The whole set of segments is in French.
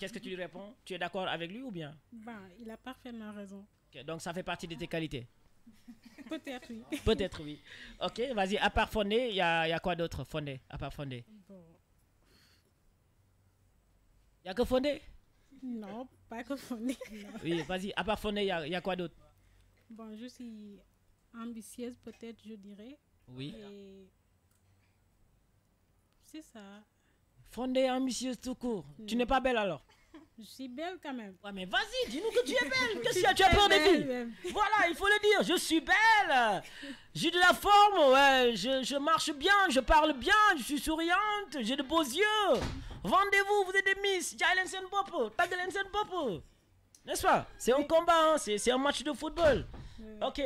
qu'est-ce que tu lui réponds Tu es d'accord avec lui ou bien Ben, il a parfaitement raison. donc ça fait partie de tes qualités Peut-être oui. Peut-être oui. Ok, vas-y, à part Fondé, il y, y a, quoi d'autre Fondé, à part Fondé Bon. Il a que Fondé Non, pas que Fondé. Oui, vas-y, à part Fondé, il y, y a, quoi d'autre Bon, je suis ambitieuse peut-être, je dirais. Oui. C'est ça. Fondée ambitieuse tout court. Tu n'es pas belle alors Je suis belle quand même. Ouais, mais vas-y, dis-nous que tu es belle. Qu'est-ce que tu as peur de filles Voilà, il faut le dire. Je suis belle. J'ai de la forme. Ouais. Je, je, marche bien. Je parle bien. Je suis souriante. J'ai de beaux yeux. Rendez-vous. Vous êtes des Miss. Jalen Popo. Tagalen Popo. N'est-ce pas C'est un combat. Hein, c'est un match de football. Ok.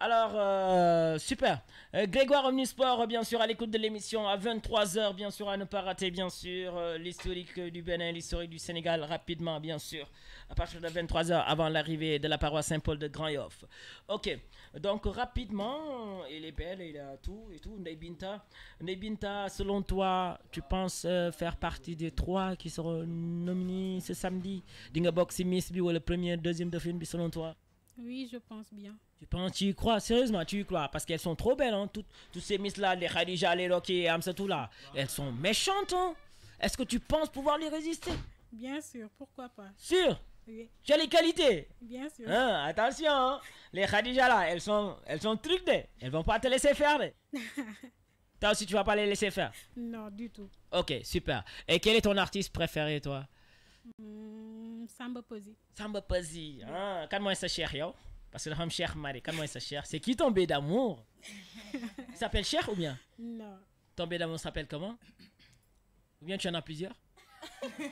Alors, euh, super. Euh, Grégoire Omnisport, bien sûr, à l'écoute de l'émission à 23h, bien sûr, à ne pas rater, bien sûr, euh, l'historique du Bénin, l'historique du Sénégal, rapidement, bien sûr, à partir de 23h, avant l'arrivée de la paroisse Saint-Paul de Grand Yoff. Ok, donc rapidement, il est belle, il a tout et tout. Neibinta, Neibinta, selon toi, tu penses faire partie des trois qui seront nominés ce samedi Dingabox, Miss ou le premier, deuxième de film, selon toi Oui, je pense bien. Tu penses, tu y crois, sérieusement, tu y crois. Parce qu'elles sont trop belles, hein. Toutes, ces Miss-là, les Khadija, les Loki, tout là. Elles sont méchantes, hein. Est-ce que tu penses pouvoir les résister Bien sûr, pourquoi pas. Sûr oui. Tu as les qualités Bien sûr. Hein, attention, hein. les Khadija là, elles sont, elles sont truquées. Elles vont pas te laisser faire. toi aussi, tu vas pas les laisser faire Non, du tout. Ok, super. Et quel est ton artiste préféré, toi hmm, Samba Posi. Samba Posi. Hein, quand moi, ce parce que la femme chère, Marie, comment est sa Cheikh C'est qui tombé d'amour Il s'appelle Cheikh ou bien Non. Tombé d'amour s'appelle comment Ou bien tu en as plusieurs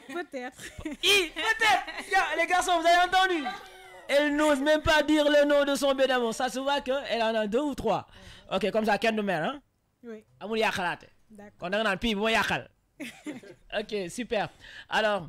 Peut-être. Peut-être Les garçons, vous avez entendu Elle n'ose même pas dire le nom de son bébé d'amour. Ça se voit qu'elle en a deux ou trois. Ok, comme ça, qu'elle de mère Oui. Amour Yakhalate. D'accord. On a le pib, bon Yakhal. ok, super. Alors,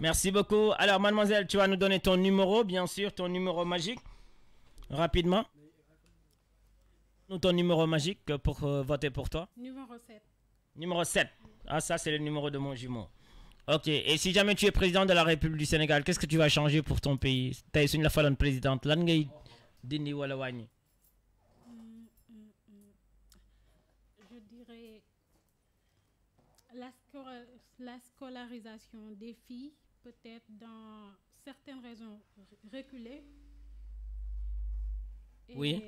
Merci beaucoup. Alors, mademoiselle, tu vas nous donner ton numéro, bien sûr, ton numéro magique, rapidement. Nous, ton numéro magique pour euh, voter pour toi. Numéro 7. Numéro 7. Ah, ça, c'est le numéro de mon jumeau. Ok, et si jamais tu es président de la République du Sénégal, qu'est-ce que tu vas changer pour ton pays Tu es une la présidente. Dini Walawani. je dirais la scolarisation des filles peut-être dans certaines raisons reculées. oui.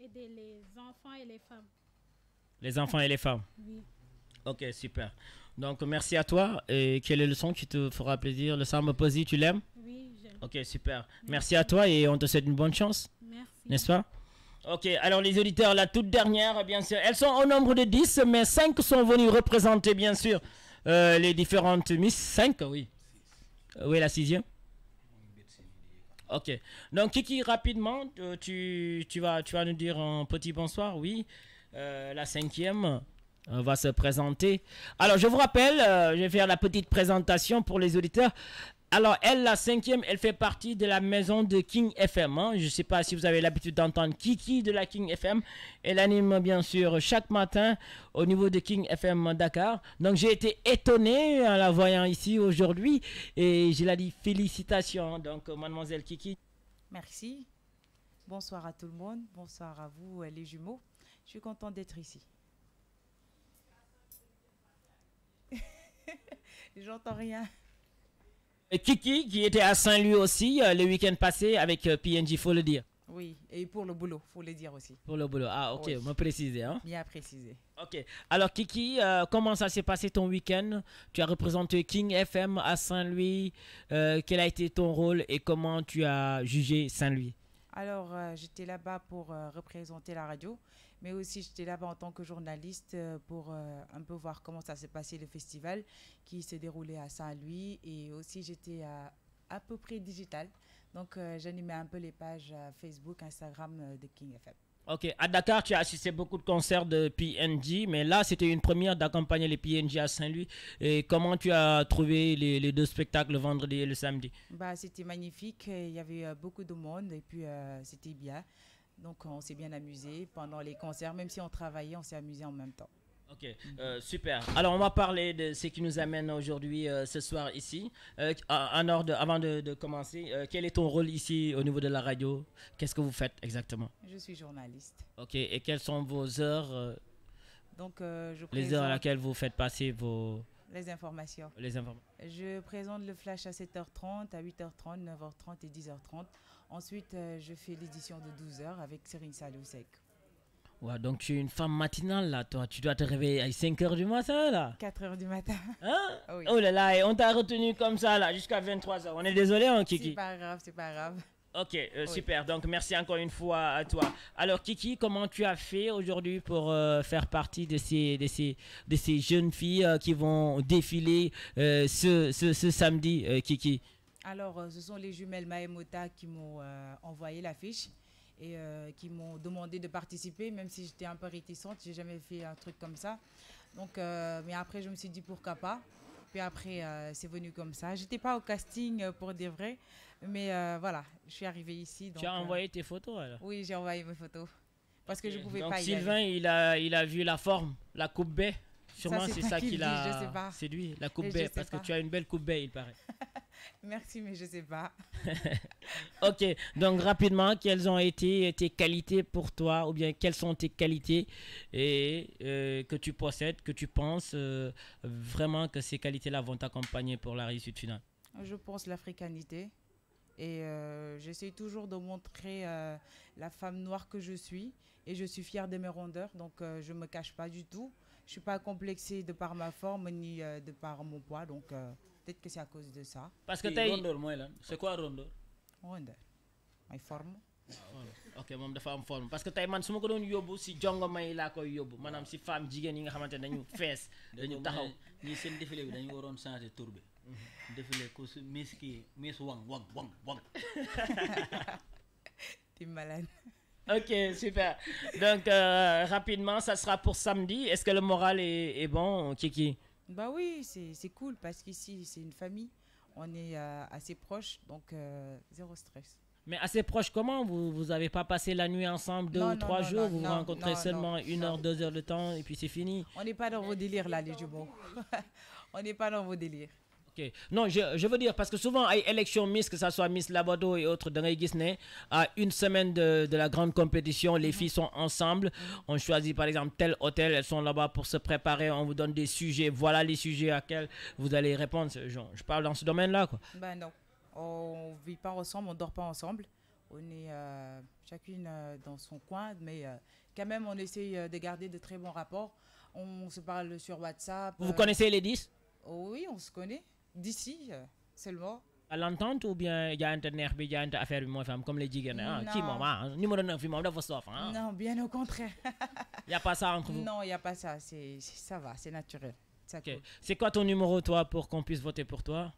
Aider les enfants et les femmes. Les enfants et les femmes. Oui. Ok, super. Donc, merci à toi. Et quelle est le son qui te fera plaisir Le samba Posi, tu l'aimes Oui, Ok, super. Merci à toi et on te souhaite une bonne chance. Merci. N'est-ce pas Ok, alors les auditeurs, la toute dernière, bien sûr, elles sont au nombre de 10, mais 5 sont venus représenter, bien sûr, euh, les différentes Miss. 5, oui. Oui, la sixième. Ok. Donc, Kiki, rapidement, euh, tu, vas, tu vas nous dire un petit bonsoir, oui. Euh, la cinquième va se présenter. Alors, je vous rappelle, je vais faire la petite présentation pour les auditeurs. Alors, elle, la cinquième, elle fait partie de la maison de King FM. Hein. Je ne sais pas si vous avez l'habitude d'entendre Kiki de la King FM. Elle anime, bien sûr, chaque matin au niveau de King FM Dakar. Donc, j'ai été étonné en la voyant ici aujourd'hui. Et je la dis félicitations, hein, donc, euh, mademoiselle Kiki. Merci. Bonsoir à tout le monde. Bonsoir à vous, euh, les jumeaux. Je suis contente d'être ici. J'entends rien. Kiki, qui était à Saint-Louis aussi euh, le week-end passé avec euh, PNJ, faut le dire. Oui, et pour le boulot, faut le dire aussi. Pour le boulot, ah ok, on me préciser. Hein. Bien précisé. Ok, alors Kiki, euh, comment ça s'est passé ton week-end Tu as représenté King FM à Saint-Louis. quel a été ton rôle et comment tu as jugé Saint-Louis Alors, j'étais là-bas pour représenter la radio mais aussi j'étais là en tant que journaliste euh, pour euh, un peu voir comment ça s'est passé le festival qui s'est déroulé à Saint-Louis et aussi j'étais à peu près digital. Donc euh, j'animais un peu les pages Facebook, Instagram de King FM. Ok, à Dakar, tu as assisté beaucoup de concerts de PNG, mais là, c'était une première d'accompagner les PNG à Saint-Louis. Et comment tu as trouvé les, deux spectacles, le vendredi et le samedi bah, C'était magnifique, il y avait beaucoup de monde et puis c'était bien. Donc on s'est bien amusé pendant les concerts, même si on travaillait, on s'est amusé en même temps. Ok, euh, super. Alors, on va parler de ce qui nous amène aujourd'hui, euh, ce soir ici. Euh, en ordre, avant de, commencer, quel est ton rôle ici au niveau de la radio Qu'est-ce que vous faites exactement Je suis journaliste. Ok, et quelles sont vos heures Donc, Les heures à laquelle vous faites passer vos, les informations. Les informations. Je présente le flash à 7h30, à 8h30, 9h30 et 10h30. Ensuite, euh, je fais l'édition de 12h avec Serine Salousek. Ouais, donc tu es une femme matinale là, toi. Tu dois te réveiller à 5h du matin là. 4h du matin. Hein Oh là là, et on t'a retenu comme ça là jusqu'à 23h. On est désolé, hein, Kiki. C'est pas grave, c'est pas grave. Ok, euh, super. Donc, merci encore une fois à toi. Alors, Kiki, comment tu as fait aujourd'hui pour euh, faire partie de ces, de ces, de ces jeunes filles euh, qui vont défiler ce, ce, samedi, Kiki Alors, ce sont les jumelles Maemota qui m'ont envoyé l'affiche et qui m'ont demandé de participer, même si j'étais un peu réticente. J'ai jamais fait un truc comme ça. Donc, mais après, je me suis dit pourquoi pas. Puis après, c'est venu comme ça. J'étais pas au casting pour des vrais. Mais euh, voilà, je suis arrivée ici. tu as euh, envoyé tes photos alors Oui, j'ai envoyé mes photos. Parce que je ne pouvais pas y Sylvain, il a, il a vu la forme, la coupe B. Sûrement, c'est ça qu'il a lui la coupe B. Parce que tu as une belle coupe B, il paraît. Merci, mais je ne sais pas. ok, donc rapidement, quelles ont été tes qualités pour toi, ou bien quelles sont tes qualités et, euh, que tu possèdes, que tu penses vraiment que ces qualités-là vont t'accompagner pour la réussite finale Je pense l'africanité et euh, j'essaie toujours de montrer euh, la femme noire que je suis. Et je suis fière de mes rondeurs, donc euh, je ne me cache pas du tout. Je ne suis pas complexée de par ma forme ni de par mon poids. Donc peut-être que c'est à cause de ça. Parce que tu rondeur, moi, C'est quoi rondeur Rondeur. Ma forme. Ah, ok même de forme parce que man si si femme défilé Mhm. défilé ko Wang Wang Wang Wang. malade. Ok, super. Donc, euh, rapidement, ça sera pour samedi. Est-ce que le moral est, bon, Kiki Bah oui, c'est cool parce qu'ici, c'est une famille. On est euh, assez proches, donc euh, zéro stress. Mais assez proche, comment Vous n'avez vous avez pas passé la nuit ensemble deux ou trois jours Vous vous rencontrez seulement une heure, deux heures de temps et puis c'est fini On n'est pas dans vos délires là, les jumeaux On n'est pas dans vos délires ok non je veux dire parce que souvent à élection Miss que ça soit Miss Labado et autres dans les à une semaine de la grande compétition les mhm. filles sont ensemble on choisit par exemple tel hôtel elles sont là-bas pour se préparer on vous donne des sujets voilà les sujets à quels vous allez répondre je parle dans ce domaine-là quoi. Ben non on vit pas ensemble on dort pas ensemble on est euh, chacune euh, dans son coin mais euh, quand même on essaye de garder de très bons rapports on se parle sur WhatsApp. Vous connaissez les 10 oui, on se connaît d'ici euh, seulement. à l'entente ou bien il y y bi jaayante affaire bi a fi am comme les jigéen ah. qui maman hein, numéro 9 dafa hein. non bien au contraire. Il n'y a pas ça entre vous. non il n'y a pas ça ça va c'est naturel. ok c'est quoi ton numéro toi pour qu'on puisse voter pour toi.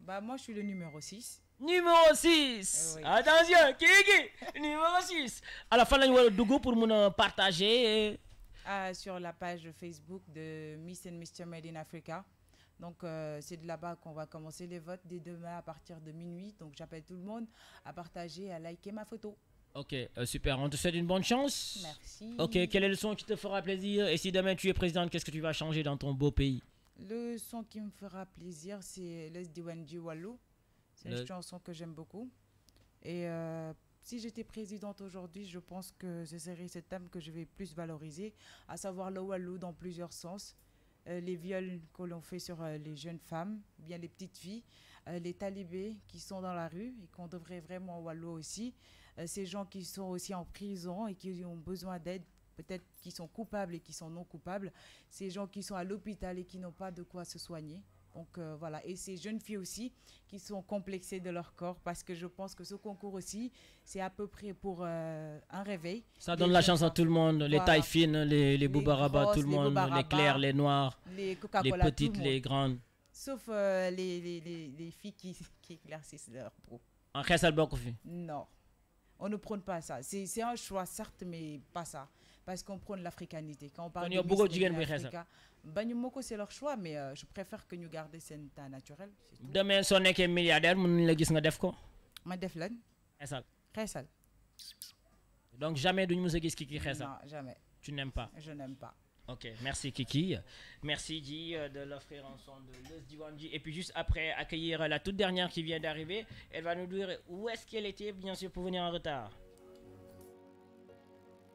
Bah moi je suis le numéro 6. Numéro 6 eh Attention, Kiki Numéro 6 À la fin, que je pour nous partager. Ah, sur la page Facebook de Miss and Mr. Made in Africa. Donc euh, c'est de là-bas qu'on va commencer les votes dès demain à partir de minuit. Donc j'appelle tout le monde à partager, à liker ma photo. Ok, euh, super. On te souhaite une bonne chance. Merci. Ok, quel est le son qui te fera plaisir Et si demain tu es présidente, qu'est-ce que tu vas changer dans ton beau pays Le son qui me fera plaisir, c'est Les Diwanji Wallou ». C'est une chanson que j'aime beaucoup. Et euh, si j'étais présidente aujourd'hui, je pense que ce serait ce thème que je vais plus valoriser, à savoir le Wallou dans plusieurs sens. Euh, les viols que l'on fait sur euh, les jeunes femmes, bien les petites filles, euh, les talibés qui sont dans la rue et qu'on devrait vraiment wallo aussi, ces gens qui sont aussi en prison et qui ont besoin d'aide peut-être qui sont coupables et qui sont non coupables, ces gens qui sont à l'hôpital et qui n'ont pas de quoi se soigner. Donc euh, voilà, et ces jeunes filles aussi qui sont complexées de leur corps parce que je pense que ce concours aussi, c'est à peu près pour euh, un réveil. Ça donne la chance à tout le monde, les tailles fines, les, les, boubarabas, tout le monde, les clairs, les noirs, les, petites, les grandes. Sauf euh, les, filles qui, qui éclaircissent leur peau. En Non, on ne prône pas ça. C'est un choix, certes, mais pas ça parce qu'on prône l'africanité. Quand on parle de l'Afrique, bah, c'est leur choix, mais euh, je préfère que nous gardions cet état naturel. Demain, si on est un milliardaire, vous ne le faire pas Je le fais. Donc jamais de nous qui Kiki Non, jamais. Tu n'aimes pas Je n'aime pas. Ok, merci Kiki. Merci Di euh, de l'offrir en son de Diwanji. Et puis juste après, accueillir la toute dernière qui vient d'arriver. Elle va nous dire où est-ce qu'elle était, bien sûr, pour venir en retard.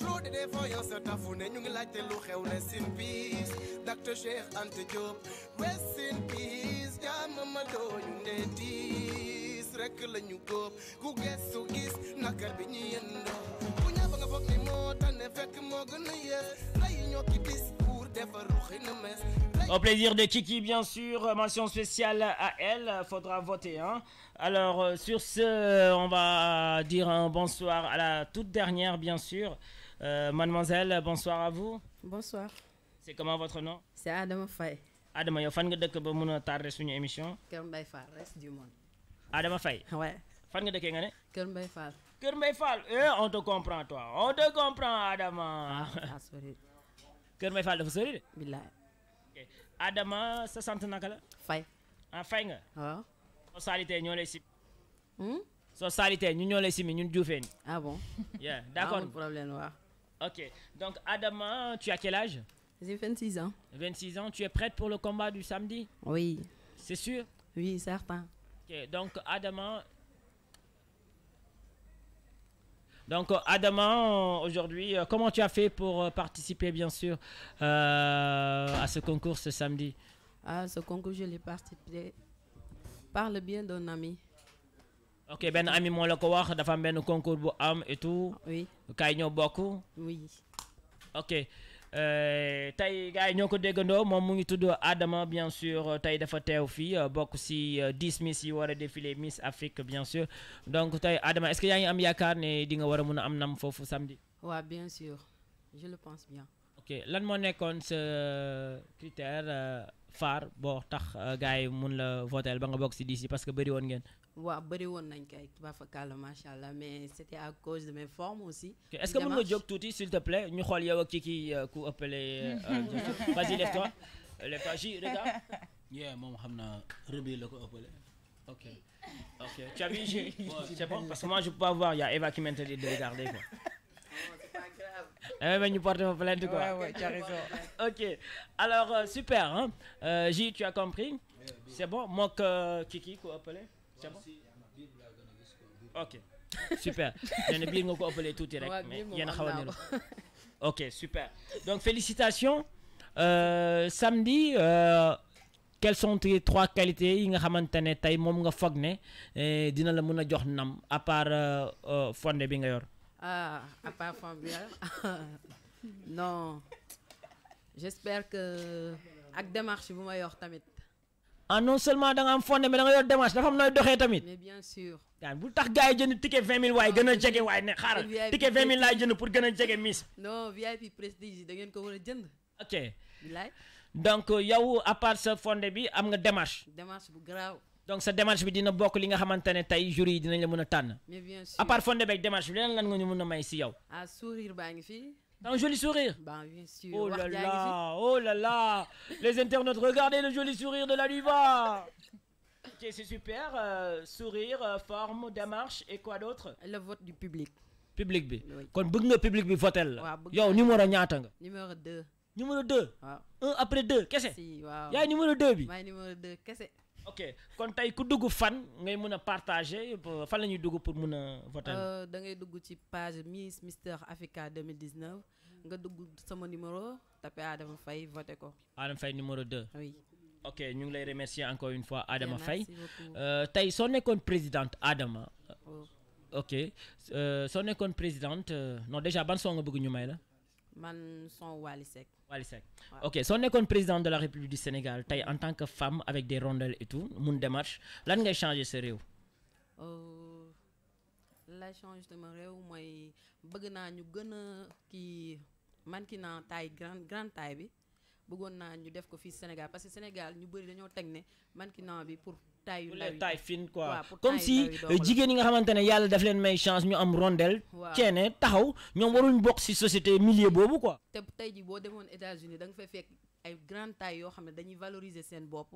trop di dévoyance sa tafu ne ñu ngi laajte lu xew ne sin peace Dr Cheikh Anta Diop rest in peace jaamama dooñu ndee tiis rekk la ñu góob ku gestu gis nakar bi ñu yëndoo ku ñaba nga foog ni moo tane fekk moo gën a yées lay ñoo ki bis pour defar ruxi mes Au plaisir de Kiki, bien sûr. Mention spéciale à elle. Faudra voter. Hein. Alors, euh, sur ce, on va dire un bonsoir à la toute dernière, bien sûr. Euh, mademoiselle, bonsoir à vous. Bonsoir. C'est comment votre nom C'est Adama Faye. Adama, yow fan nga dëkk ba mun a suñu émission. Kër Mbaye Fall reste du monde. Adama Faye. ouais. fan nga dëkkee nga ne. Kër Mbaye Fall. Kër Mbaye Fall eh on te comprend toi on te comprend Adama. ah Mbaye Fall dafa sori de. billaay. ok Adama sa Fay Faye. ah Faye nga. waaw. Ah. soo saalitee ñoo lay si. Hmm? soo saalitee ñu ñoo lay simi ñun juufee ah bon. yeah d'accord amul problème waaw. Ok, donc Adama, tu as quel âge J'ai 26 ans. 26 ans, tu es prête pour le combat du samedi Oui. C'est sûr Oui, certain. Ok, donc Adama... Donc Adama, aujourd'hui, euh, comment tu as fait pour euh, participer, bien sûr, euh, à ce concours ce samedi À ah, ce concours, je l'ai participé par le bien d'un ami ok ben ami moo le ko wax dafa am concours bu am et tout. oui kaay ñoo oui. ok euh, tey gars yi ñoo ko déggandoo moom mu ngi tudd Adama bien sûr tey dafa au fii euh, beaucoup si 10 euh, miss yi war défilé Miss Afrique bien sûr donc tey Adama est-ce que y a am ami à di nga war a mun a am nam samedi. Ouais bien sûr je le pense bien. ok l'un moo nekkoon ce critère phare boo tax gars yi mun voter ba nga si 10 parce que bëri woon ngeen. Oui, mais c'était à cause de mes formes aussi. est ce que tout te plaît nous euh, euh, euh, vas-y lève toi regarde. yeah je suis un ko appelé. ok ok tu as vu J. parce que moi je peux pas voir y' a Eva qui m'interdit de regarder quoi. ben, eh nous plainte quoi. Ouais, ouais, tu raison. ok, alors super. Hein. J, tu as compris? C'est bon. Moi, que Kiki, quoi appelé ok super en a biir nga ko ëppalee tuuti rek mais yéen a xaw a niru ok super donc félicitations euh, samedi euh, quelles sont tes trois qualités yi nga xamante ne tey moom nga foog ne eh, dina la mën a jox nam à part euh, fonde bi nga yor ah à part fonde bi ah. non j'espère que ak démarche bu ma yor tamit ah non seulement da nga am fondé mais da nga yor démarche dafa am noy doxé tamit. mais bien sûr. gan bu tax gaay jënd ticket 20000 way gëna a way waaye xara ticket 20000 laay jënd pour gëna a miss. non VIP prestige da ngeen ko war jënd. ok. donc euh, yow à part sa fonde bi am nga démarche. démarche bu graw donc sa démarche bi dina bokk li nga xamante tay jury dinañ la mëna a mais bien sûr à part fonde beeg démarche bi lan nga ñu mëna may si yow. ah sourire baangi fi. Dans un joli sourire Ben, bien sûr. Oh là là, oh là là Les internautes, regardez le joli sourire de la Luva Ok, c'est super. Euh, sourire, euh, forme, démarche et quoi d'autre Le vote du public. Public B. Oui. Quand bëgg le public B votel la. Yo, numéro ñaata Numéro 2. Numéro 2 waaw. Un après 2 kese Si waouh. Y'a numéro 2 bi Maay numéro 2 qu'est-ce c'est ok kon tay ku dugg fan ngay mën a partager euh, fan la ñuy dugg pour mën a voter. Euh, da ngay dugg ci page Miss Mister Africa 2019 nga dugg sama numéro tapé Adama Faye voter ko. Adama Faye numéro 2. oui ok ñu ngi lay remercier encore une fois Adama Faye. Euh, tay soo nekkoon présidente Adama. Oh. ok soo nekkoon présidente non déjà ban son nga bëgg ñu may la. man son Wali Seck ok soo comme président de la république du Sénégal taille en tant que femme avec des rondelles et tout mun démarche lan ngay changer sa euh, la change de ma réew moi, bëgg naa ñu gën a kii mannequinat taille grande grande taille bi bëggoon que ñu def ko Sénégal parce que Sénégal ñu bëri dañoo teg ne mannequinat bi pour taayu taille fine quoi comme si euh, jigen yi nga xamantene yalla daf leen may chance ñu am rondel ceene taxaw ñom waruñ bok ci société milieu bobu quoi te tay ji bo demone États-Unis da nga fay fek ay grande taille yo xamne ne dañuy valoriser sen bop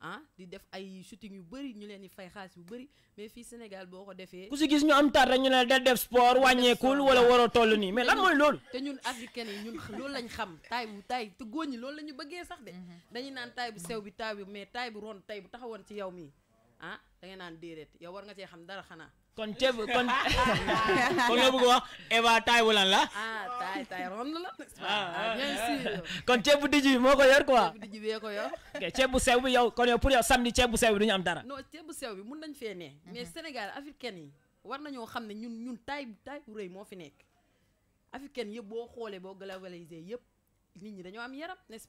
ah di def ay shooting yu bëri ñu leen di fay xaalis yu bëri mais fii Sénégal boo ko defee. ku si gis ñu am taat rek ñu ne del def sport wàññeekul wala waroo toll nii mais lan mooy loolu. te ñun africain yi ñun loolu lañ xam taay bu taay te góor ñi loolu la ñu bëggee sax de. Mm-hmm. dañuy naan taay bu sew bi taay bi mais taay bu ron taay bu taxawoon ci yow mii ah da ngay naan déedéet yow war nga cee xam dara xanaa. kon ceeb kon kon la. ah la. Ah, ah, ah, kon ceeb bu dijj bi moo ko yor quoi. ceeb bu dijj ko yor. ceeb bu sew bi yow kon yow pour yow samedi ceeb bu sew bi du ñu am dara. non ceeb bu sew bi mun nañ fee ne. Mhm. mais Sénégal africaine yi war nañoo xam ne ñun ñun taay taay bu rëy moo fi nekk. africaine yëpp boo xoolee boo globalisé yëpp nit ñi dañoo am yaram nest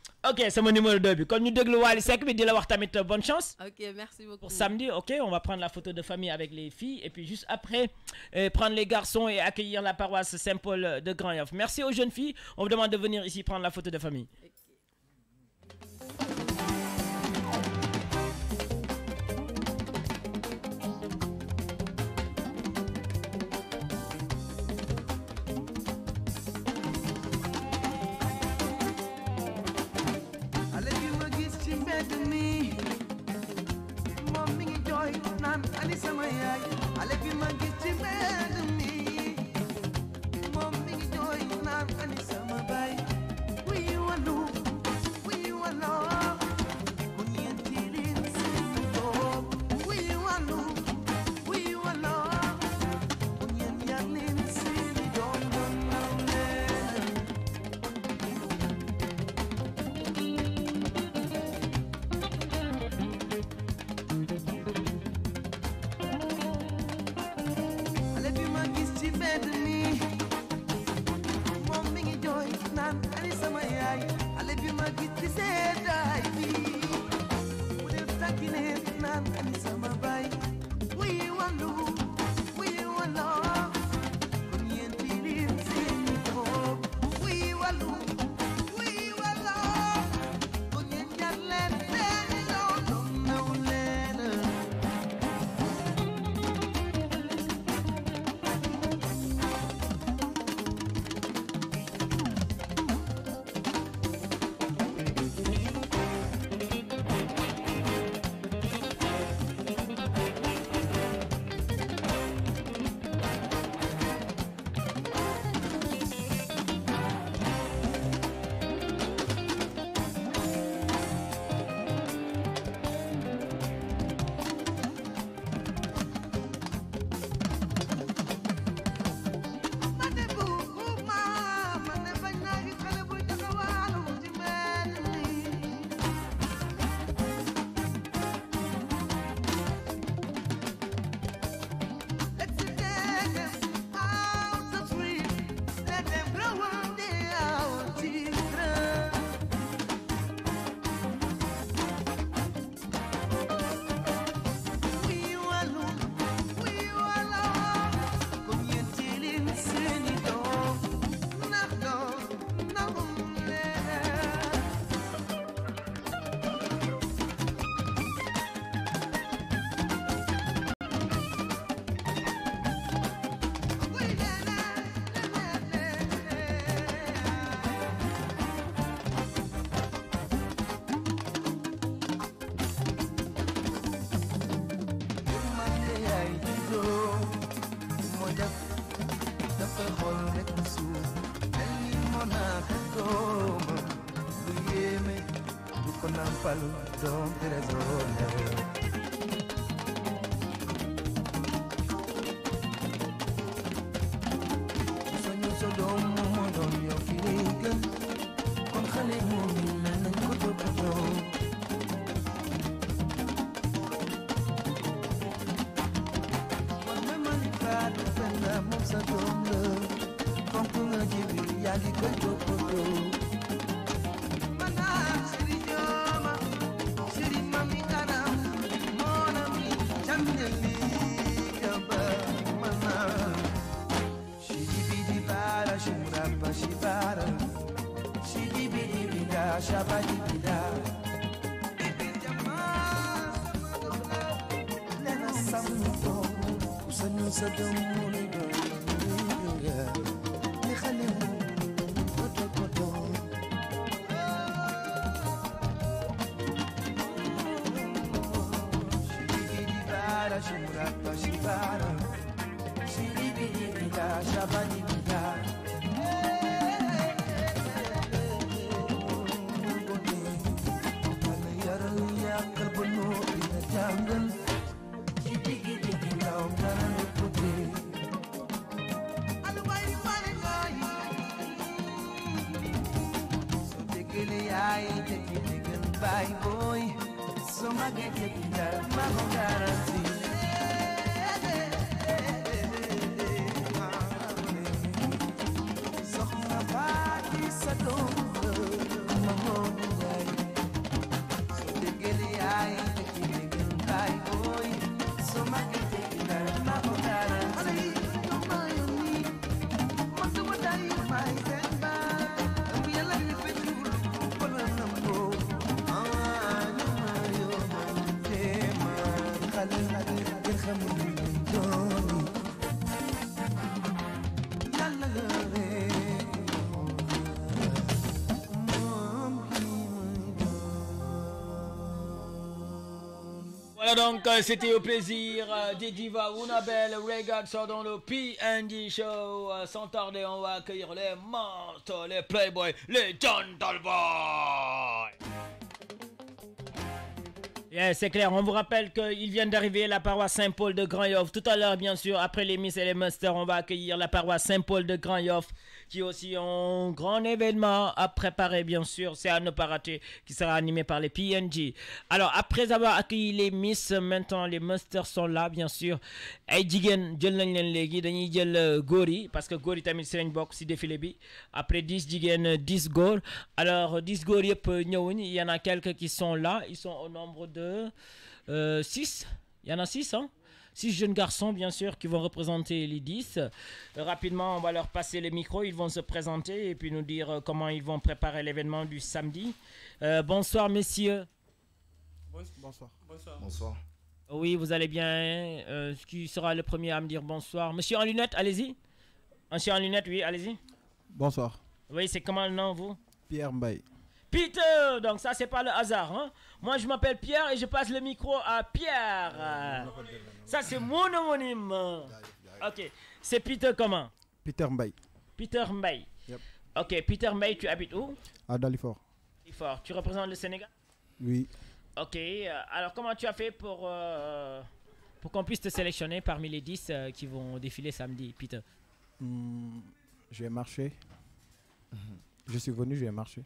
ok c'est mon numéro de début. Quand nous déglu il wax euh, bonne chance. ok merci beaucoup pour samedi ok on va prendre la photo de famille avec les filles et puis juste après euh, prendre les garçons et accueillir la paroisse Saint-Paul de Grand-Yoff merci aux jeunes filles on vous demande de venir ici prendre la photo de famille. تنام أني سماياي على في مجد kisedaibi udeutakinesnankanisa palo, don't be a sadum I'm money. Euh, c'était au plaisir des divas Unabel ça dans le P&D Show. Euh, sans tarder, on va accueillir les monstres, les playboys, les gentleboys. Yeah, c'est clair. On vous rappelle qu'ils viennent d'arriver la paroisse Saint-Paul de Grand-Yoff. Tout à l'heure, bien sûr, après les Miss et les Monsters, on va accueillir la paroisse Saint-Paul de Grand-Yoff qui aussi un grand événement à préparer, bien sûr. C'est à ne pas rater, qui sera animé par les PNG. Alors, après avoir accueilli les Miss, maintenant les Monsters sont là, bien sûr. Et nañ les euh, parce que Gori tamit si lañ défile si défilé après 10 jigéen 10 goals. alors 10 goals, il y en a quelques qui sont là ils sont au nombre de 6 euh, il y en a 6 hein six jeunes garçons, bien sûr, qui vont représenter les 10. Euh, rapidement, on va leur passer les micros. Ils vont se présenter et puis nous dire euh, comment ils vont préparer l'événement du samedi. Euh, bonsoir, messieurs. Bonsoir. Bonsoir. Bonsoir. Oui, vous allez bien. Hein. qui sera le premier à me dire bonsoir Monsieur en lunettes, allez-y. Monsieur en lunettes, oui, allez-y. Bonsoir. Oui, c'est comment le nom, vous Pierre Mbaye. Peter Donc ça, c'est pas le hasard. Hein. Moi, je m'appelle Pierre et je passe le micro à Pierre. Ça, c'est mon homonyme. Ok. C'est Peter comment Peter Mbaye. Peter Mbaye. Ok, Peter Mbaye, tu habites où À Dalifort. Dalifort. Tu représentes le Sénégal Oui. Ok. Euh, alors, comment tu as fait pour, euh, pour qu'on puisse te sélectionner parmi les 10 euh, qui vont défiler samedi, Peter J'ai hmm, Je vais Je suis venu, je vais marcher.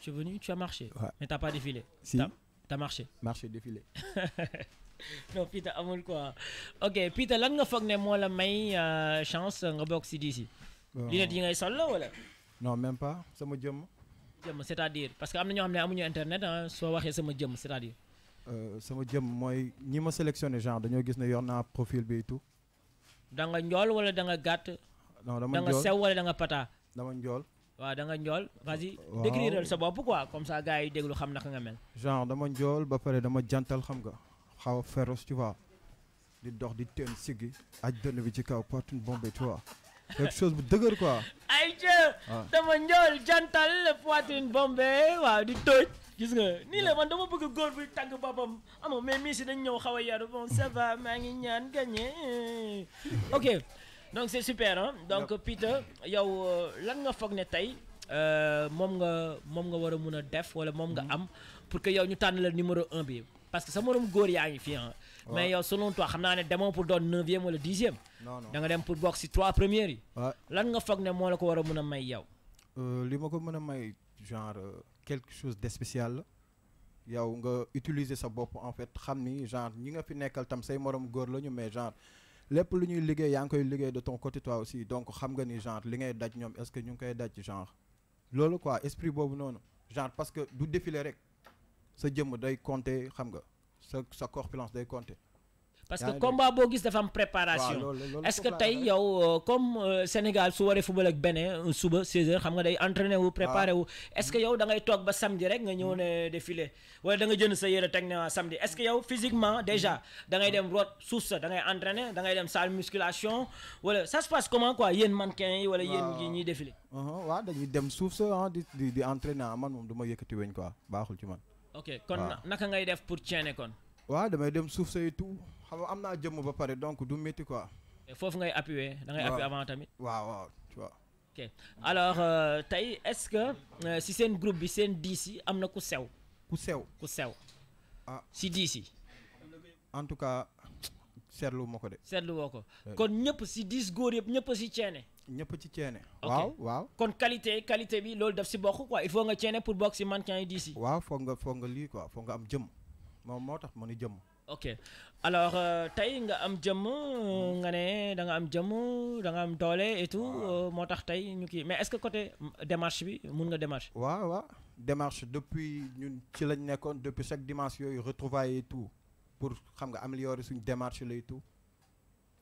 Tu es venu, tu as marché. mais Mais n'as pas défilé. Si. as marché. Marché, défilé. non Peter amul quoi ok Peter lan nga foog ne moo la may uh, chance nga bokk si diis yi. lunette yi ngay sol la wala. non même pas sama djem. Djem, c'est-à-dire parce que am na ñoo xam ne amuñu internet ah soo waxee sama jëmm c'est-à-dire. Euh, sama jëmm mooy ñi ma sélectionné genre dañoo gis ne yor naa profil bi et tout. da nga njool wala da nga gàtt. non dama njool da nga sew wala da nga pata. dama njool. Wa, da nga njool vas-y. décrire sa bopp quoi comme ça gars yi déglu xam naka nga mel. genre dama njool ba pare dama jantal xam nga xaw a féroce tu vois di dox di teen siggi aj dënn bi ci kaw porte une bombe tu vois quelque chose bu dëgër quoi ay jë dama ah. njool jantal poitrine bombée waaw di toj gis nga ni la man dama bëgg góor buy tàgg boppam ama mais mii si dañ ñëw xaw a yaru bon ça va maa ngi ñaan gagné ok donc c'est super hein donc Peter yow euh, lan nga foog ne tey euh, moom nga moom nga war a mun a def wala moom nga mm-hmm. am pour que yow ñu tànn la numéro 1 bi parce que sa morom góor yaa ngi fii ah. mais yow selon toi xam naa ne demoo pour doon 9e wala dixième. non non da nga dem pour bokk si 3 premières yi. lan nga foog ne moo la ko war a mën a may yow. Euh, li ma ko mën a may genre euh, quelque chose de spécial la yow nga utiliser sa bopp en fait xam ni genre ñi nga fi nekkal tam say morom góor la ñu mais genre. lépp lu ñuy liggéey yaa ngi koy liggéey de ton côté toi aussi donc xam nga ni genre li ngay daj ñoom est-ce que ñu ngi koy daj genre loolu quoi esprit boobu noonu genre parce que du défilé rek sa jëmm day compter xam nga sa sa corpulence day compter. parce que combat bo gis dafa am préparation est-ce que tey yow euh, comme euh, Sénégal su waree football ak benin euh, suba 16h xam nga day entraîné wu préparé wu ah. est-ce que yow da ngay tok ba samedi rek nga ñëw ne défilé wala da nga jënd sa yére teg na samedi est-ce que yow physiquement déjà da ngay dem root suuf da ngay entraîner da ngay dem salle musculation wala ça se passe comment quoi yéen mannequin wala wala gi ñi ñuy défilé uh-huh. wa dañuy dem suuf ah, di di entraîner ah, man mom duma ma wëñ quoi baxul ci man ok kon naka ngay def pour ceene kon. waaw damay dem suuf say tout xam nga am naa jëmm ba pare donc du métti quoi. foofu ngay appuyer. da ngay appuyer avant tamit. waaw waaw tu vois. ok alors euh, tey est-ce que euh, si seen groupe bi seen diis yi am na ku sew. ku sew ku sew. ah si diis yi. en tout cas seetlu ma ko de. seetlu woo ko kon ñëpp si diis góor yëpp ñëpp si ceene ñëpp ci ceene waaw waaw kon qualité qualité bi lolou daf ci bokk quoi il faut nga ceene pour bokk si mannequin d'ici waaw fo nga fo nga li quoi fo nga am jëmm mom motax moni mu ok alors euh, tay nga am jëmm nga ne da nga am jëmm da nga am tolé et tout euh, moo tax tey ñu ki mais est-ce que côté démarche bi mun nga démarche waaw waaw démarche depuis ñun ci lañ nekkoon depuis chaque dimanche yooyu retrouvailles et tout pour xam nga améliorer suñ démarche la et tout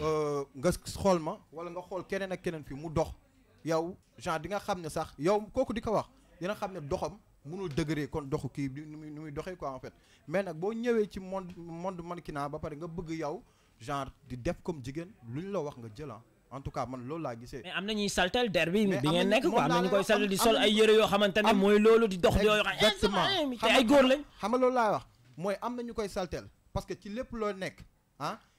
Euh, nga xool ma wala nga xol keneen ak keneen fi mu dox yow genre di nga ne sax yow kooku wax dina doxam kon quoi en fait mais nag boo ñëwee ci monde monde ba pare nga bëgg yow genre di def comme jigéen luñ la wax nga ah. en tout cas man loolu laa mais am na saltel der bi ngeen quoi am na saltel di sol ay yëre yoo xamante ne loolu di dox. exactement ay góor lañ. xam nga loolu wax mooy am na parce que ci lépp loo nekk ah,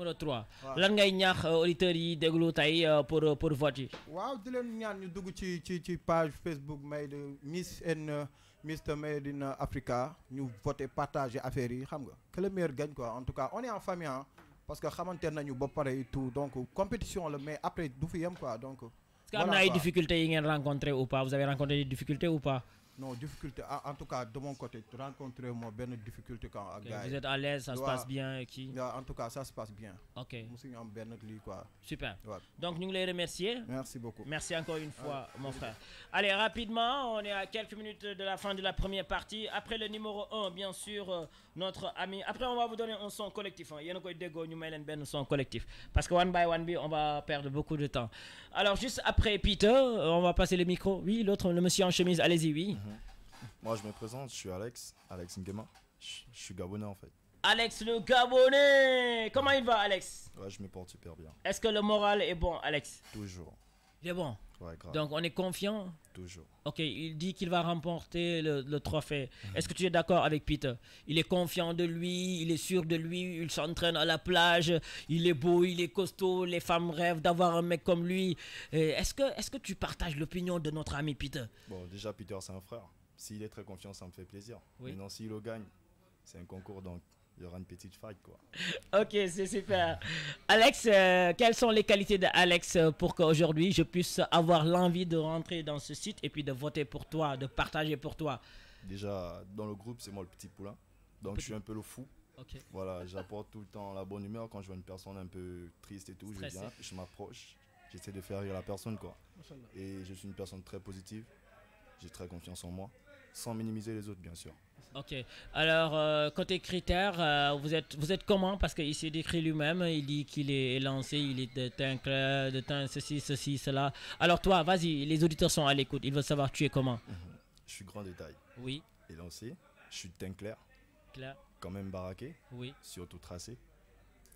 numéro 3. lan ngay ñaax euh, auditeurs yi déglu tay euh, pour euh, pour Wow, yi. waaw di leen ñaan ñu dugg ci ci page Facebook Made Miss and Mr Made in Africa ñu voter partager affaire yi xam nga que le meilleur gagne quoi en tout cas on est en famille hein, parce que xamante nañu ba pare tout donc compétition le mais après du fi yam quoi donc. est-ce que am na des difficultés yi ngeen rencontré ou pas vous avez rencontré des difficultés ou pas non difficulté en, tout cas de mon côté rencontrer moi ben difficulté quand vous êtes à l'aise ça se passe bien Qui? en tout cas ça se passe bien ok super donc nous les remercier merci beaucoup merci encore une fois mon frère allez rapidement on est à quelques minutes de la fin de la première partie après le numéro 1 bien sûr euh, notre ami après on va vous donner un son collectif hein. y a koy Ben, son collectif parce que one by one on va perdre beaucoup de temps alors juste après Peter on va passer le micro oui l'autre le monsieur en chemise allez-y oui mm-hmm. Moi, je me présente, je suis Alex, Alex Ngema, Je, suis gabonais en fait. Alex le Gabonais Comment il va, Alex Ouais, je me porte super bien. Est-ce que le moral est bon, Alex Toujours. Il est bon Ouais, grave. Donc, on est confiant Toujours. Ok, il dit qu'il va remporter le, trophée. Mhm. Est-ce que tu es d'accord avec Peter Il est confiant de lui, il est sûr de lui, il s'entraîne à la plage, il est beau, il est costaud, les femmes rêvent d'avoir un mec comme lui. Est-ce que, est -ce que tu partages l'opinion de notre ami Peter Bon, déjà, Peter, c'est un frère. S'il est très confiant, ça me fait plaisir. Oui. Maintenant, s'il le gagne, c'est un concours, donc il y aura une petite fight, Quoi. ok, c'est super. Alex, euh, quelles sont les qualités d'Alex pour qu'aujourd'hui je puisse avoir l'envie de rentrer dans ce site et puis de voter pour toi, de partager pour toi Déjà, dans le groupe, c'est moi le petit poulain. Donc je suis un peu le fou. Voilà, j'apporte tout le temps la bonne humeur. Quand je vois une personne un peu triste et tout, je viens, je m'approche, j'essaie de faire rire la personne. quoi. Et je suis une personne très positive j'ai très confiance en moi, sans minimiser les autres, bien sûr. Ok. Alors, euh, côté critères, euh, vous, êtes, vous êtes comment Parce qu'il s'est décrit lui-même, il dit qu'il est lancé, il est de teint clair, de teint ceci, ceci, cela. Alors, toi, vas-y, les auditeurs sont à l'écoute, ils veulent savoir tu es comment mhm. Je suis grand détail. Oui. Élancé, je suis de teint clair. Clair. Quand même baraqué. Oui. Surtout tracé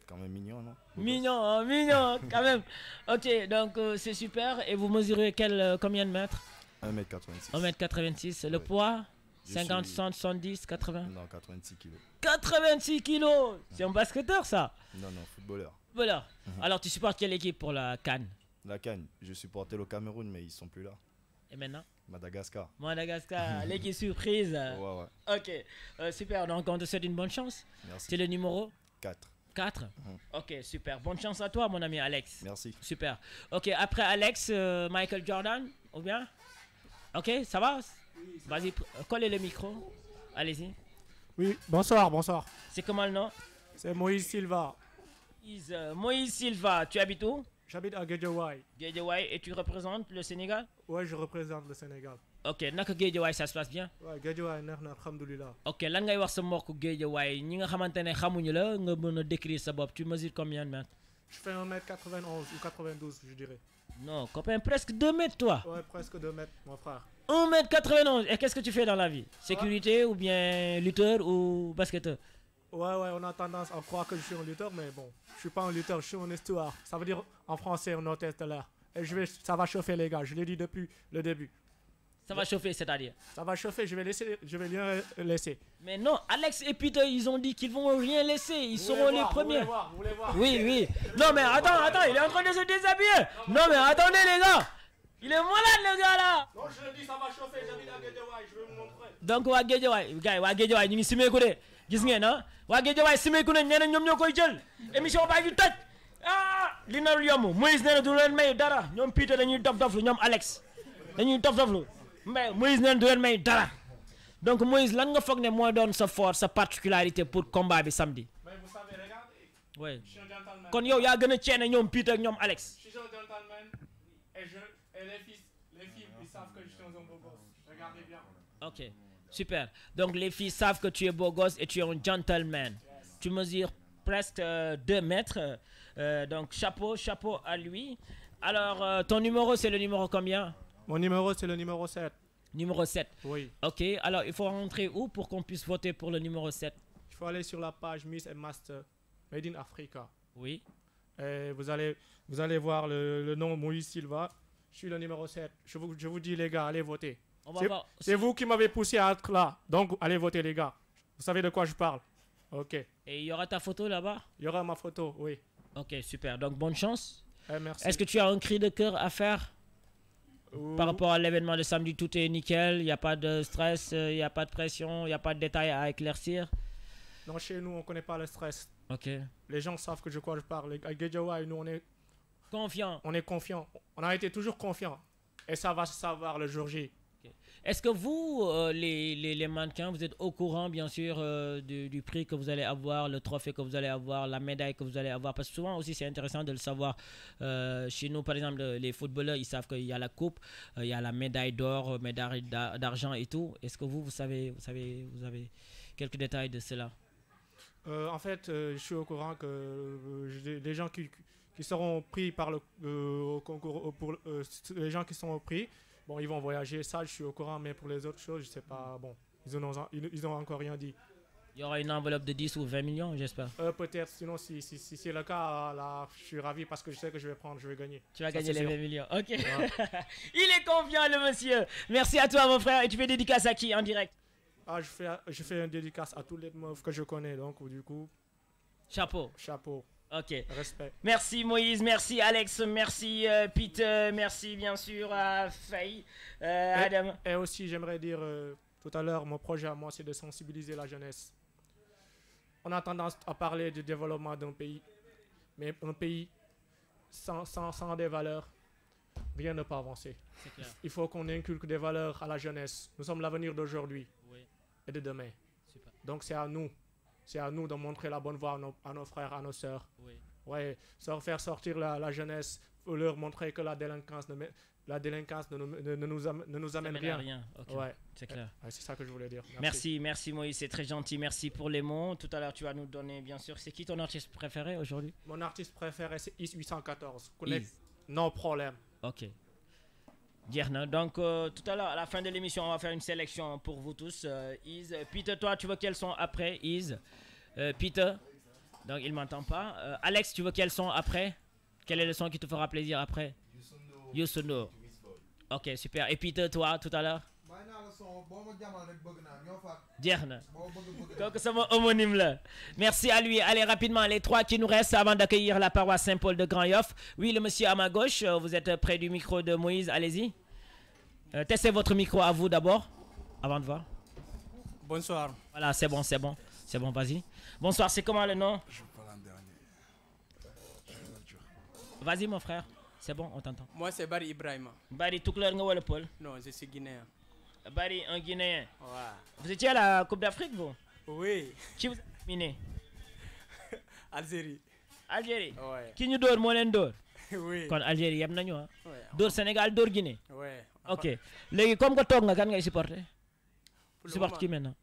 quand même mignon, non Mignon, hein, mignon, quand même. Ok, donc euh, c'est super. Et vous mesurez combien de mètres 1m86. 1m86. Le poids 50, 60, 70, 80 Non, 86 kilos. 86 kilos C'est un basketteur ça Non, non, footballeur. Voilà. Mhm. Alors tu supportes quelle équipe pour la Cannes La Cannes, je supportais le Cameroun, mais ils sont plus là. Et maintenant Madagascar. Madagascar, l'équipe surprise. Ouais, ouais. Ok, euh, super, donc on te souhaite une bonne chance. Merci. C'est le numéro 4. 4 mhm. Ok, super. Bonne chance à toi, mon ami Alex. Merci. Super. Ok, après Alex, euh, Michael Jordan, ou bien Ok, ça va Vas-y, euh, collez le micro. Allez-y. Oui, bonsoir, bonsoir. C'est comment le nom C'est Moïse Silva. Euh, Moïse, Silva, tu habites où J'habite à Guédiawaye. Guédiawaye, et tu représentes le Sénégal Ouais, je représente le Sénégal. Ok, nak Guédiawaye, ça se passe bien Ouais, Guédiawaye, neex na, alhamdoulilah. Ok, lan ngay wax sa mbokk Guédiawaye ñi nga xamantene xamuñu la nga mën décrire sa bob. Tu mesures combien de mètres Je fais 1m91 ou 92, je dirais. Non, copain, presque 2 mètres, toi. Ouais, presque 2 mètres, mon frère. 1 mètre 91. Et qu'est-ce que tu fais dans la vie Sécurité ou bien lutteur ou basketteur Ouais, ouais, on a tendance à croire que je suis un lutteur, mais bon, je suis pas un lutteur, je suis un histoire. Ça veut dire en français, on hôtesse de là. Et je vais, ça va chauffer, les gars, je l'ai dit depuis le début. Ça va chauffer, c'est-à-dire Ça va chauffer, je vais, laisser, je vais rien euh, laisser. Mais non, Alex et Peter, ils ont dit qu'ils vont rien laisser. Ils seront les premiers. Vous voir, vous voir. Oui, oui. Non, mais attends, attends, il est en train de se déshabiller. Non, mais attendez, les gars. Il est malade, le gars, là. Non, je le dis, ça va chauffer. J'habite à Gédéwaï, je vais vous montrer. Donc, wa Guédiouaï, gars, wa Gédéwaï, nous sommes écoutés. Gis ngeen ah? wa Guédiouaï simé ku ne ñene ñom ñokoy jël émission ba ah li na yom Moïse néna du len may dara ñom Peter dañuy dof dof ñom Alex dañuy dof lu mais Moïse n'a rien mais dara donc Moïse l'angle de que moi donne sa force sa particularité pour combattre samedi mais vous savez regardez gentleman. quand il y a une chaîne nyom Peter nyom Alex je suis un gentleman et je les fils les filles ils savent que je suis un beau gosse. regardez bien ok super donc les filles savent que tu es beau gosse et tu es un gentleman tu mesures presque 2 euh, mètres euh, donc chapeau chapeau à lui alors euh, ton numéro c'est le numéro combien mon numéro, c'est le numéro 7. Numéro 7 Oui. Ok, alors il faut rentrer où pour qu'on puisse voter pour le numéro 7 Il faut aller sur la page Miss and Master Made in Africa. Oui. Et vous allez, vous allez voir le, nom Moïse Silva. Je suis le numéro 7. Je vous, je vous dis, les gars, allez voter. C'est vous qui m'avez poussé à être là. Donc, allez voter, les gars. Vous savez de quoi je parle. Ok. Et il y aura ta photo là-bas Il y aura ma photo, oui. Ok, super. Donc, bonne chance. Eh, merci. Est-ce que tu as un cri de cœur à faire par rapport à l'événement de samedi, tout est nickel. Il n'y a pas de stress, il euh, n'y a pas de pression, il n'y a pas de détails à éclaircir. Non, chez nous, on ne connaît pas le stress. Ok. Les gens savent que de quoi je parle. À Gejawa, nous, on est. Confiant. On est confiant. On a été toujours confiant. Et ça va se savoir le jour J. Est-ce que vous, euh, les, mannequins, vous êtes au courant, bien sûr, euh, du, prix que vous allez avoir, le trophée que vous allez avoir, la médaille que vous allez avoir Parce que souvent aussi, c'est intéressant de le savoir. Euh, chez nous, par exemple, les footballeurs, ils savent qu'il y a la coupe, il y a la médaille d'or, médaille d'argent et tout. Est-ce que vous, vous savez, vous savez, vous avez quelques détails de cela En fait, je suis au courant que les gens qui, seront pris par le concours, pour les gens qui sont pris Bon, ils vont voyager, ça, je suis au courant, mais pour les autres choses, je sais pas. Bon, ils n'ont ils, ont encore rien dit. Il y aura une enveloppe de 10 ou 20 millions, j'espère. Euh, Peut-être, sinon, si, c'est le cas, là, je suis ravi parce que je sais que je vais prendre, je vais gagner. Tu vas gagner les 20 millions, ok. Il est confiant, le monsieur. Merci à toi, mon frère. Et tu fais dédicace à qui en direct ah, je, fais, je fais une dédicace à tous les meufs que je connais, donc du coup. Chapeau. Chapeau. Ok. Respect. Merci Moïse, merci Alex, merci euh, Peter, Pete, merci bien sûr à Faye, euh, Adam. Et aussi, j'aimerais dire euh, tout à l'heure, mon projet à moi, c'est de sensibiliser la jeunesse. On a tendance à parler du développement d'un pays, mais un pays sans, sans, des valeurs, rien ne peut avancer. Il faut qu'on inculque des valeurs à la jeunesse. Nous sommes l'avenir d'aujourd'hui et de demain. Donc c'est à nous c'est à nous de montrer la bonne voie à nos, frères, à nos sœurs. Oui. Ouais, faire sortir la, jeunesse, leur montrer que la délinquance ne, la délinquance ne, nous, amène, ne nous amène, rien. À rien. C'est clair. c'est ça que je voulais dire. Merci, merci, Moïse, c'est très gentil. Merci pour les mots. Tout à l'heure, tu vas nous donner, bien sûr. C'est qui ton artiste préféré aujourd'hui Mon artiste préféré, c'est Is 814. Non No problème. Ok. Dierna. Donc, euh, tout à l'heure, à la fin de l'émission, on va faire une sélection pour vous tous. Euh, Is, Peter, toi, tu veux qu'elles sont après Is, euh, Peter. Donc, il m'entend pas. Alex, tu veux qu'elles sont après Quel est le son qui te fera plaisir après Yusundo. Ok, super. Et Peter, toi, tout à l'heure mon homonyme là. Merci à lui. Allez, rapidement, les trois qui nous restent avant d'accueillir la paroisse Saint-Paul de Grand-Yoff. Oui, le monsieur à ma gauche, euh, vous êtes près du micro de Moïse, allez-y. Euh, testez votre micro à vous d'abord, avant de voir. Bonsoir. Voilà, c'est bon, c'est bon. C'est bon, vas-y. Bonsoir, c'est comment le nom Je dernier. Vas-y, mon frère. C'est bon, on t'entend. Moi, c'est Barry Ibrahim. Barry, tout clair, le Paul Non, je suis guinéen. Bari, un Guinéen. Vous étiez à la Coupe d'Afrique, vous Oui. Qui vous a Algérie. Algérie Ouais. Qui nous dort, moi, dort Oui. Quand Algérie, y'a nañu hein. Ouais. Dor Sénégal, dor Guinée. Oui. OK. Légui comme nga tok nga kan Supporte qui maintenant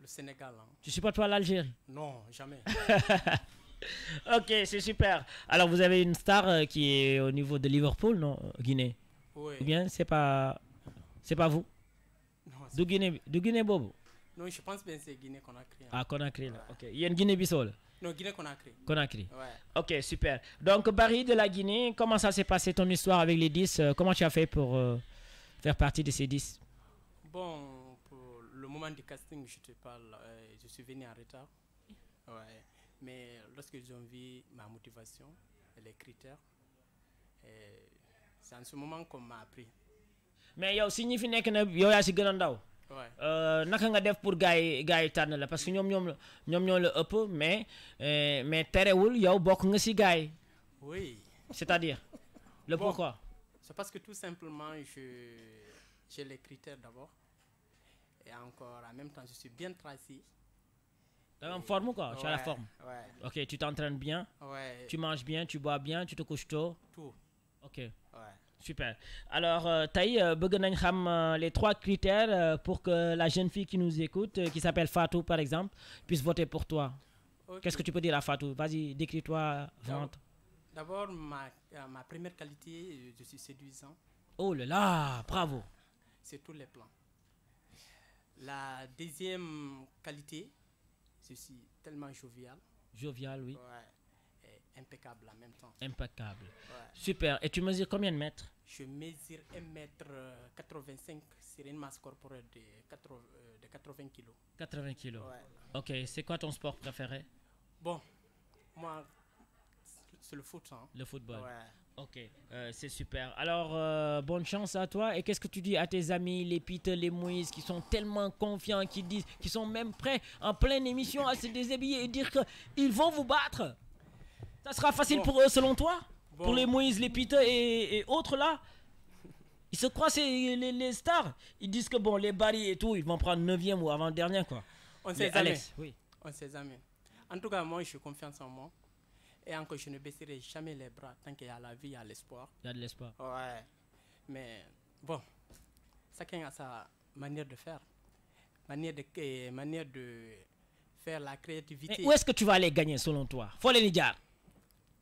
Le Sénégal. Hein. Tu supportes pas l'Algérie Non, jamais. ok, c'est super. Alors vous avez une star euh, qui est au niveau de Liverpool, non Guinée Oui. Ou bien c'est pas c'est pas vous Du Guinée, du Guinée Bobo Non, je pense bien c'est Guinée qu'on a créé. Ah, qu'on a créé là. Ok. Il y a une Guinée-Bissau Non, Guinée Conakry. Conakry. Ouais. Ok, super. Donc, Barry de la Guinée, comment ça s'est passé ton histoire avec les 10 euh, Comment tu as fait pour euh, faire partie de ces 10 Bon, pour le moment du casting, je te parle, euh, je suis venu en retard. Ouais. Mais lorsqu'ils ont vu ma motivation et les critères, c'est en ce moment qu'on m'a appris mais yow si ñi fi nek na yow ya ci a ndaw. Euh, naka nga def pour gars yi tan la parce que ñom ñom ñom ñoom ñoo le mais euh, mais terewul yow bok nga ci oui c'est-à-dire le pourquoi. c'est parce que tout simplement je j'ai les critères d'abord et encore en même temps je suis bien tracé. T'es en forme ou quoi Tu as la forme Ouais. Ok, tu t'entraînes bien Ouais. Tu manges bien, tu bois bien, tu te couches tôt Tout. Ok. Ouais. Super. Alors, euh, Taï, euh, euh, les trois critères pour que la jeune fille qui nous écoute, qui s'appelle Fatou par exemple, puisse voter pour toi. Qu'est-ce que tu peux dire à Fatou Vas-y, décris-toi, vente. D'abord, ma, première qualité, je suis séduisant. Oh là là, bravo. C'est tous les plans. La deuxième qualité, je tellement jovial. Jovial, oui impeccable en même temps. Impeccable. Super. Et tu mesures combien de mètres Je mesure 1m85 euh, sur une masse corporelle de 80, euh, de 80 kg. 80 kg. Ok. C'est quoi ton sport préféré Bon, moi, c'est le foot. Hein. Le football. Ok, euh, c'est super. Alors, bonne chance à toi. Et qu'est-ce que tu dis à tes amis, les Peter, les Moïse, qui sont tellement confiants, qui disent, qui sont même prêts en pleine émission à se déshabiller et dire qu'ils vont vous battre ça sera facile pour eux, selon toi Pour les Moïse, les Peter et, autres là Ils se croient les, les, stars. Ils disent que bon, les Barry et tout, ils vont prendre 9 ou avant-dernier quoi. On sait On sait En tout cas, moi, je suis confiance en moi. Et encore, je ne baisserai jamais les bras tant qu'il y a la vie, il y a l'espoir. Il y a de l'espoir. Ouais. Mais bon, chacun a sa manière de faire, manière de, eh, manière de faire la créativité. où est-ce que tu vas aller gagner selon toi Faut les dire.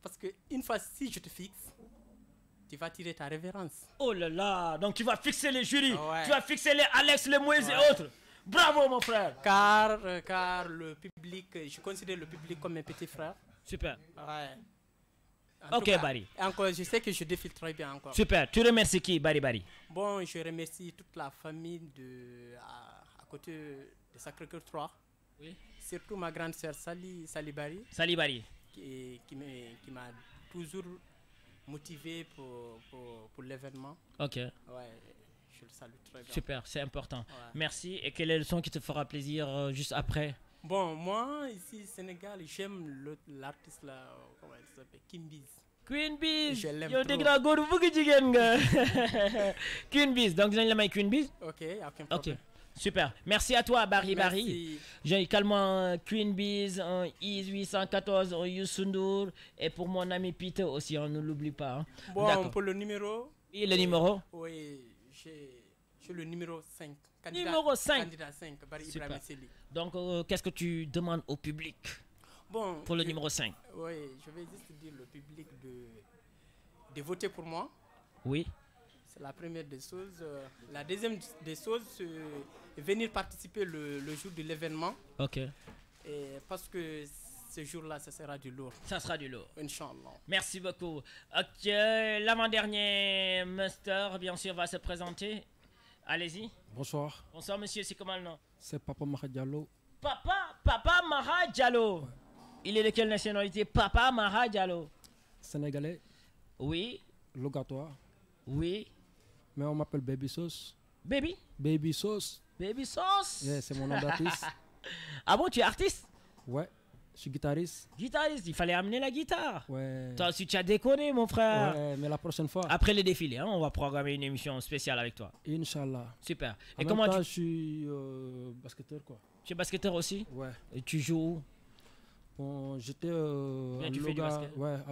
Parce que une fois, si je te fixe, tu vas tirer ta révérence. Oh là là, donc tu vas fixer les jurys, ah tu vas fixer les Alex, les Moïse et autres. Bravo mon frère. Car, euh, car le public, je considère le public comme un petit frère. Super. Ouais. ok, Barry. Encore, je sais que je défile très bien encore. Super. Tu remercies qui, Barry Barry Bon, je remercie toute la famille de, à, côté de Sacré-Cœur 3. Oui. Surtout ma grande sœur Sally, Sali Barry. Sally Barry qui, qui m'a toujours motivé pour, l'événement. Ok. je le salue Super, c'est important. Merci. Et quelle est le son qui te fera plaisir euh, juste après Bon, moi, ici, au Sénégal, j'aime l'artiste là, comment elle s'appelle Queen Bees Queen Bees, Queen Bees donc j'ai la Queen Bees. ok ok. Super. Merci à toi, Barry Barry. J'ai également Queen Bees, un I814, un Yusundur. Et pour mon ami Peter aussi, on ne l'oublie pas. Hein. Bon, pour le numéro. Et le numéro Oui, j'ai le numéro 5. Candidat, numéro 5. Candidat 5, Barry Super. Donc, euh, qu'est-ce que tu demandes au public Pour le numéro 5. Oui, je vais juste dire le public de, de voter pour moi. Oui la première des choses. Euh, la deuxième des choses, c'est venir participer le, jour de l'événement. Ok. Et parce que ce jour-là, ça sera du lourd. Ça sera du lourd. Inch'Allah. Merci beaucoup. Ok, l'avant-dernier master, bien sûr, va se présenter. Allez-y. Bonsoir. Bonsoir, monsieur. C'est comment le nom C'est Papa Maradjalo. Papa, Papa Maradjalo Il est de quelle nationalité Papa Maradjalo Sénégalais. Oui. Logatoire. Oui. Mais on m'appelle Baby Sauce. Baby Baby Sauce. Baby Sauce C'est mon nom d'artiste. ah bon, tu es artiste Ouais, je suis guitariste. Guitariste, il fallait amener la guitare. Ouais. Toi aussi, tu as déconné, mon frère. Ouais, mais la prochaine fois. Après le défilé, hein, on va programmer une émission spéciale avec toi. Inch'Allah. Super. Et comment tu... je suis euh, basketteur, quoi. Tu es basketteur aussi Ouais. Et tu joues Bon, j'étais euh, à,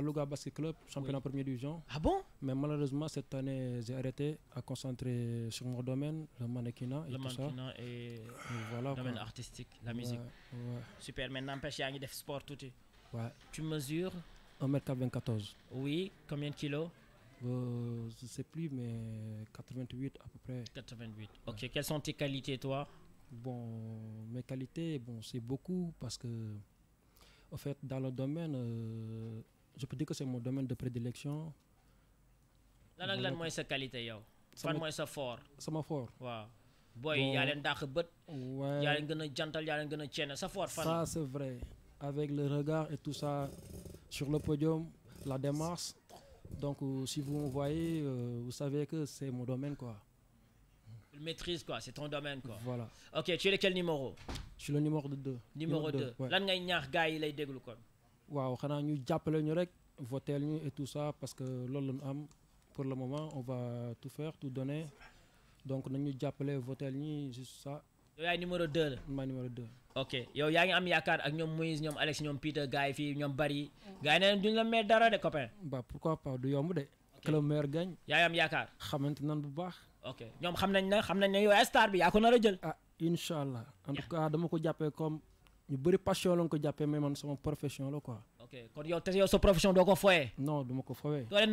Loga, ouais, Basket Club, championnat premier division. Ah bon Mais malheureusement, cette année, j'ai arrêté à concentrer sur mon domaine, le mannequinat et le tout mannequinat et, et le domaine artistique, la musique. Super, mais n'empêche, il y sport tout Tu mesures 1m94. Oui, combien de kilos euh, Je ne sais plus, mais 88 à peu près. 88, ok. Quelles sont tes qualités, toi Bon, mes qualités, bon, c'est beaucoup parce que en fait, dans le domaine, euh, je peux dire que c'est mon domaine de prédilection. lan ak lan mooy sa qualité yow. fan mooy sa fort. sama fort waaw. booy yaa leen dàq bët. waaye yaa leen gën a jantal yaa leen gën a sa fort fan. ça c'est vrai avec le regard et tout ça sur le podium la démarche donc euh, si vous me voyez euh, vous savez que c'est mon domaine quoi maîtrise quoi, c'est ton domaine quoi. Voilà. Ok, tu es lequel numéro Je suis le numéro 2. Numéro 2. Lan ngay ñaax gaay yi lay déglu kon. Waaw, xana ñu jappalé ñu rek, voter ñu et tout ça parce que loolu lañu am pour le moment, on va tout faire, tout donner. Donc nañu jappalé voter ñi juste ça. Yo yaay numéro 2 Ma numéro 2. ok yow yaa ngi am yaakaar ak ñoom Moïse ñoom Alex ñoom Peter gars yi fii ñoom bari gars yi nee duñ la meer dara de copain. ba pourquoi pas du yomb de. que le meilleur gagne. yaa ngi am yaakaar. xamante nan bu baax ok ñoom xam nañ ne xam ne yow star bi yaa ko nar a jël. ah incha en tout cas dama ko jàppee comme ñu bëri passion la ko jàppee mais man sama profession la quoi. ok kon yow profession ko non ko dara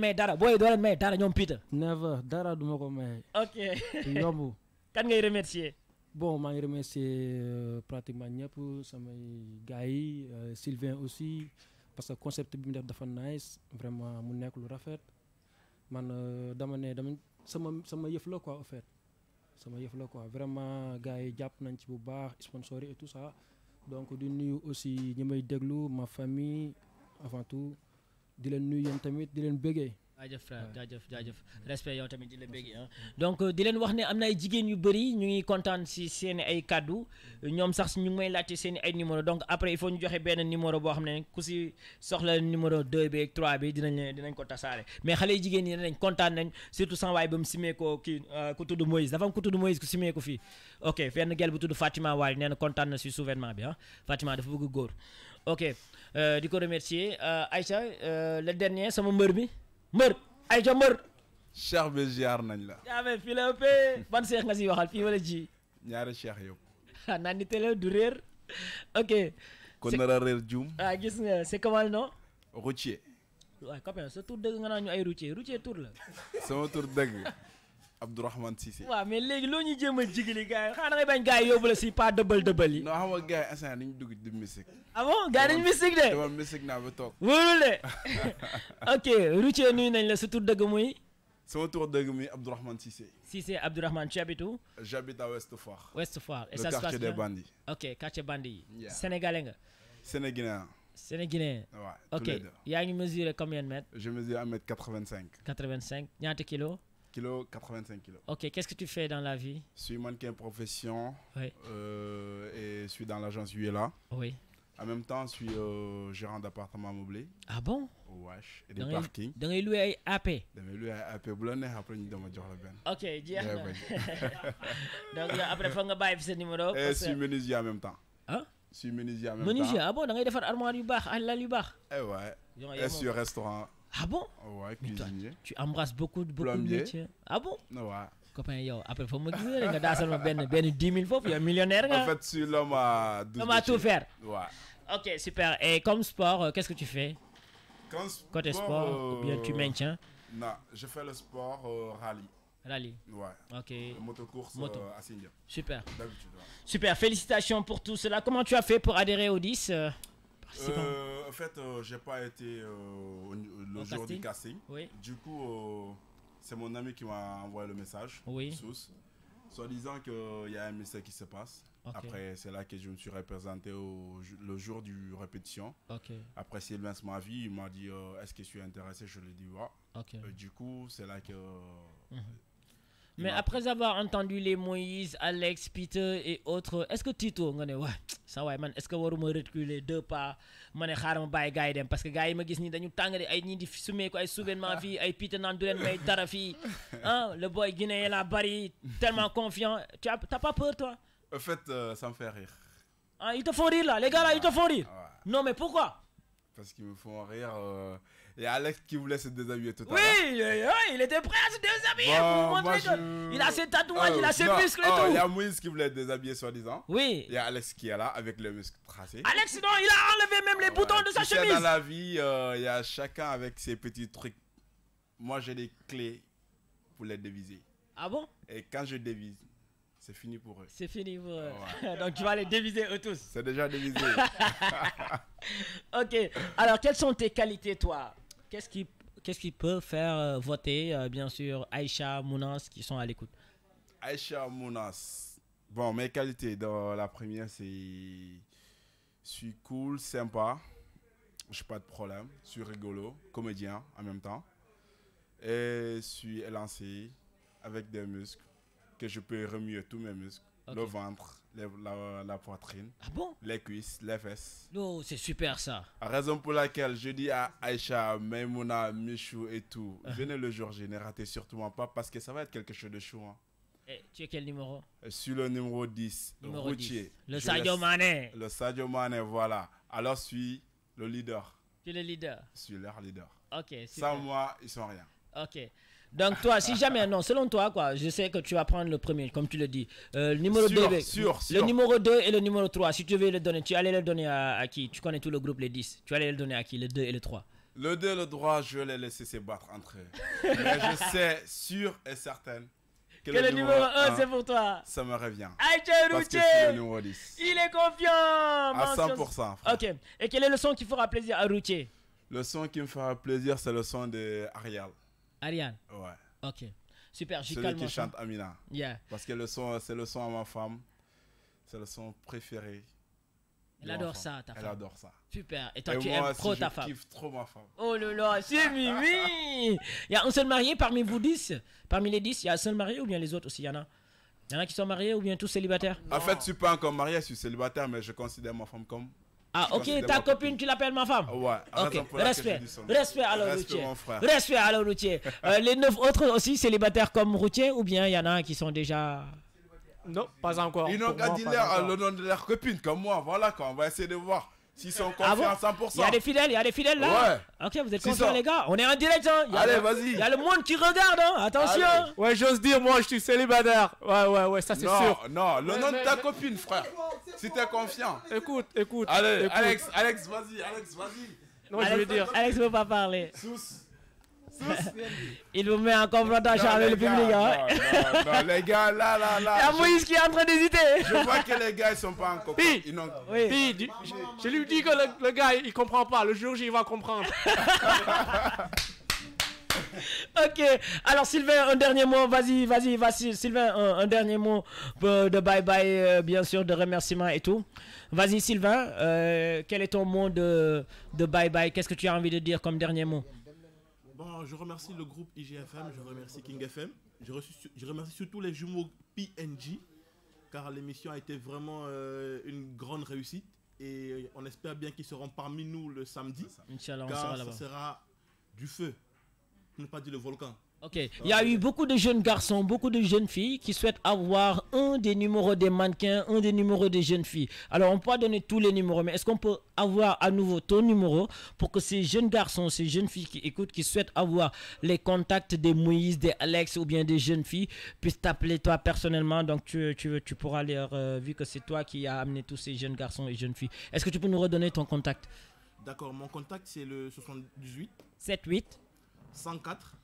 may dara Peter. never dara du ma ko may. ok yomb. kan ngay remercier. bon maa ngi remercier euh, pratiquement ñëpp samay euh, Sylvain aussi parce que concept bi dafa nice vraiment mu nekk lu man euh, sama sama yëf la quoi au fait sama yëf la quoi vraiment gars yi japp nañ ci bu baax sponsor et tout ça donc di nuyu aussi ñi may déglu ma famille avant tout di leen nuyu yeen tamit di leen bëggee jaajëf frère jaajëf jaajëf mm-hmm. Mm-hmm. respect yow tamit di la bégg ah hein. donc euh, di leen wax ne am na ay jigéen yu bëri ñu ngi kontaan si seen ay kàddu mm-hmm. ñoom sax ñu ngi may laajte seen ay numéro donc après il faut ñu joxe benn numéro boo xam ne ku si soxla numéro 2 bi ak 3 bi dinañ dinañ ko tasaare mais xale yu jigéen ñi nañ kontaan nañ surtout sans waay ba mu simee ko kii euh, ku tudd Moïse dafa am ku tudd Moïse ku simee ko fii ok fenn gel bu tudd Fatima waay nee na kontaan na si souverainement bi ah Fatima dafa bëgg góor ok euh, di ko remercier Aïcha le dernier sama mbër bi mbër ay ca mbër cheikh bi ziar nañ la jaame fii la ëppee ban cheikh nga si waxal fii wala ji ñaari cheikh yëpp ah naan ni télé du réer ok kon nara réer juum ah gis nga c'est comment non routier waaw copain sa tur dëgg nga naa ñu ay routier routier tur la sama tur dëgg Abdourahmane Sissé mais les gens gars gars pas non gars ah bon gars musique de. dama musique naa ok nañ la muy. tour Sissé, muy tu habites où. j'habite à Westfort. Westfort, et ça se quartier des bandits. ok quartier bandits sénégalais Sénégalais. ok, il y a une mesure combien de mètres Je mesure 1m85. 85. 85. 90 kg kg 85 kg. Ok, qu'est-ce que tu fais dans la vie Je suis mannequin profession oui. euh, et je suis dans l'agence UELA. Oui. En même temps, je suis euh, gérant d'appartement meublé. Ah bon Wesh. Et des parkings. Donc, il loué à AP. Donc, il loué à AP. Boulonné, après, nous devons dire le Ok, bien. Donc, après, il faut que tu ce numéro. Et je suis menuisier en même temps. Hein Je suis menuisier en même temps. Menuisier, ah bon Donc, il faut faire armoire du bar, à la du bar. Eh ouais. Et sur restaurant. Ah bon ah Ouais, cuisinier. tu embrasses beaucoup, beaucoup de métiers. Ah bon ah Ouais. Copain, yo, après, faut me dire, que gars, seulement ben, ben 10 000 fois, puis un millionnaire. En fait, tu l'homme à L'homme à tout faire. Ouais. Ok, super. Et comme sport, euh, qu'est-ce que tu fais Quand tu sport, sport euh, ou bien tu maintiens Non, je fais le sport rally. Euh, rallye. Rallye. Ouais. Ok. Motocourse Moto. à Singapour. Super. D'habitude. Super. Félicitations pour tout cela. Comment tu as fait pour adhérer au 10 euh, en fait, euh, j'ai pas été euh, le jour du casting. Du coup, c'est mon ami qui m'a envoyé le message. Oui. Sous. Soit disant qu'il y a un message qui se passe. Après, c'est là que je me suis représenté le jour du répétition. Okay. Après, Sylvain m'a vie. il m'a dit Est-ce que je suis intéressé Je lui ai dit Ouais. du coup, c'est là que. Mhm. Mais après avoir entendu les Moïse, Alex, Peter et autres, est-ce que Tito, nga ne ouais, ça ouais man, est-ce que waruma reculer deux pas, mané ne xaaral ma dem parce que gars yi ma gis nii dañu tàng de ay ñii di sumee ko ay souvènement vie, ay Peter naan du leen may dara fii ah le boy guinéen la bari tellement confiant tu as t'as pas peur toi. En fait euh, ça me fait rire. Ah ils te font rire là les gars là ils te font rire. Ah, non mais pourquoi? Parce qu'ils me font rire. Euh, il y a Alex qui voulait se déshabiller tout à l'heure. Oui, il était prêt à se déshabiller pour vous montrer il a ses tatouages, euh, il a ses muscles et oh, tout. Il y a Moïse qui voulait se déshabiller soi-disant. Oui. Il y a Alex qui est là avec les muscles tracés. Alex, non, il a enlevé même les euh, boutons de sa chemise. Dans la vie, euh, il y a chacun avec ses petits trucs. Moi, j'ai des clés pour les déviser. Ah bon Et quand je dévise, c'est fini pour eux. C'est fini pour eux. Donc tu vas les déviser eux tous. C'est déjà dévisé. ok. Alors quelles sont tes qualités toi Qu'est-ce qui, peut faire euh, voter, euh, bien sûr, Aïcha, Mounas qui sont à l'écoute Aïcha, Mounas. Bon, mes qualités dans la première, c'est. Je suis cool, sympa. Je n'ai pas de problème. Je suis rigolo, comédien en même temps. Et je suis élancé avec des muscles que je peux remuer tous mes muscles. Le ventre, la, poitrine, ah les cuisses, les fesses. Non, c'est super ça. Raison pour laquelle je dis à Aïcha, Maimouna, Michou et tout, ah. venez le jour je ne ratez surtout pas parce que ça va être quelque chose de chou. Hein. Et eh, tu es quel numéro Je euh, suis le numéro 10, numéro routier. Le Sadio Mané. Le Sadio Mané, voilà. Alors suis le leader. Tu es le leader Je Suis leur leader. Ok, Sans moi, ils sont rien. Ok. Donc toi, si jamais, non, selon toi, quoi, je sais que tu vas prendre le premier, comme tu le dis. Euh, le numéro 2, le numéro 2 et le numéro 3, si tu veux le donner, tu allais le donner à, qui Tu connais tout le groupe, les 10. Tu allais le donner à qui Le 2 et le 3 Le 2 et le 3, je vais les laisser se battre entre eux. Mais je sais, sûr et certain. Que, le, numéro 1, c'est pour toi. Ça me revient. Parce que le numéro 10. Il est confiant. À 100%. Ok. Et quel est le son qui fera plaisir à Routier Le son qui me fera plaisir, c'est le son de Ariane Ouais. Ok. Super, j'ai Celui qui chante Amina. Yeah. Parce que le son, c'est le son à ma femme. C'est le son préféré. Elle adore ça, ta femme. Elle adore ça. Super. Et toi, tu aimes trop ta femme. Je kiffe trop ma femme. Oh là là, c'est Mimi Il y a un seul marié parmi vous dix Parmi les dix, il y a un seul marié ou bien les autres aussi Il y en a Il y en a qui sont mariés ou bien tous célibataires En fait, je suis pas encore marié, je suis célibataire, mais je considère ma femme comme ah, ok, ta copine, tu l'appelles ma femme Ouais, ok. Respect. Respect à routier. Respect à routier. Euh, les neuf autres aussi célibataires comme routier ou bien il y en a qui sont déjà. Non, pas encore. Ils n'ont qu'à dire le nom de leur copine comme moi. Voilà, quoi. On va essayer de voir. S'ils sont ah confiants à 100%. Il y a des fidèles, il y a des fidèles là. Ouais. Ok, vous êtes confiants les gars. On est en direct. Hein. Allez, vas-y. Il y a le monde qui regarde. Hein. Attention. Ouais, j'ose dire, moi je suis célibataire. Ouais, ouais, ouais, ça c'est sûr. Non, non, le nom de ta copine, frère. Si t'es confiant. Écoute, écoute. Allez, Alex, Alex, vas-y, Alex, vas-y. Non, je veux dire. Alex veut pas parler. Sous. Il vous met en confrontation avec le public. Hein. les gars, là, là, là. Il y a Moïse qui est en train d'hésiter. Je vois que les gars, ils sont pas encore. Puis, je, lui dis que le, gars, il comprend pas. Le jour J, il va comprendre. ok, alors Sylvain, un dernier mot, vas-y, vas-y, vas-y, Sylvain, un, dernier mot de bye-bye, euh, bien sûr, de remerciement et tout. Vas-y, Sylvain, euh, quel est ton mot de bye-bye Qu'est-ce que tu as envie de dire comme dernier mot je remercie le groupe IGFM, je remercie King FM, je, remercie surtout les jumeaux PNG, car l'émission a été vraiment euh, une grande réussite et on espère bien qu'ils seront parmi nous le samedi. Inch'Allah, sera Ça sera du feu, ne pas dire le volcan. Ok, il y a eu beaucoup de jeunes garçons, beaucoup de jeunes filles qui souhaitent avoir un des numéros des mannequins, un des numéros des jeunes filles. Alors, on peut donner tous les numéros, mais est-ce qu'on peut avoir à nouveau ton numéro pour que ces jeunes garçons, ces jeunes filles qui écoutent, qui souhaitent avoir les contacts des Moïse, des Alex ou bien des jeunes filles puissent t'appeler toi personnellement Donc, tu, tu, tu pourras leur, euh, vu que c'est toi qui as amené tous ces jeunes garçons et jeunes filles, est-ce que tu peux nous redonner ton contact D'accord, mon contact c'est le 78 78 104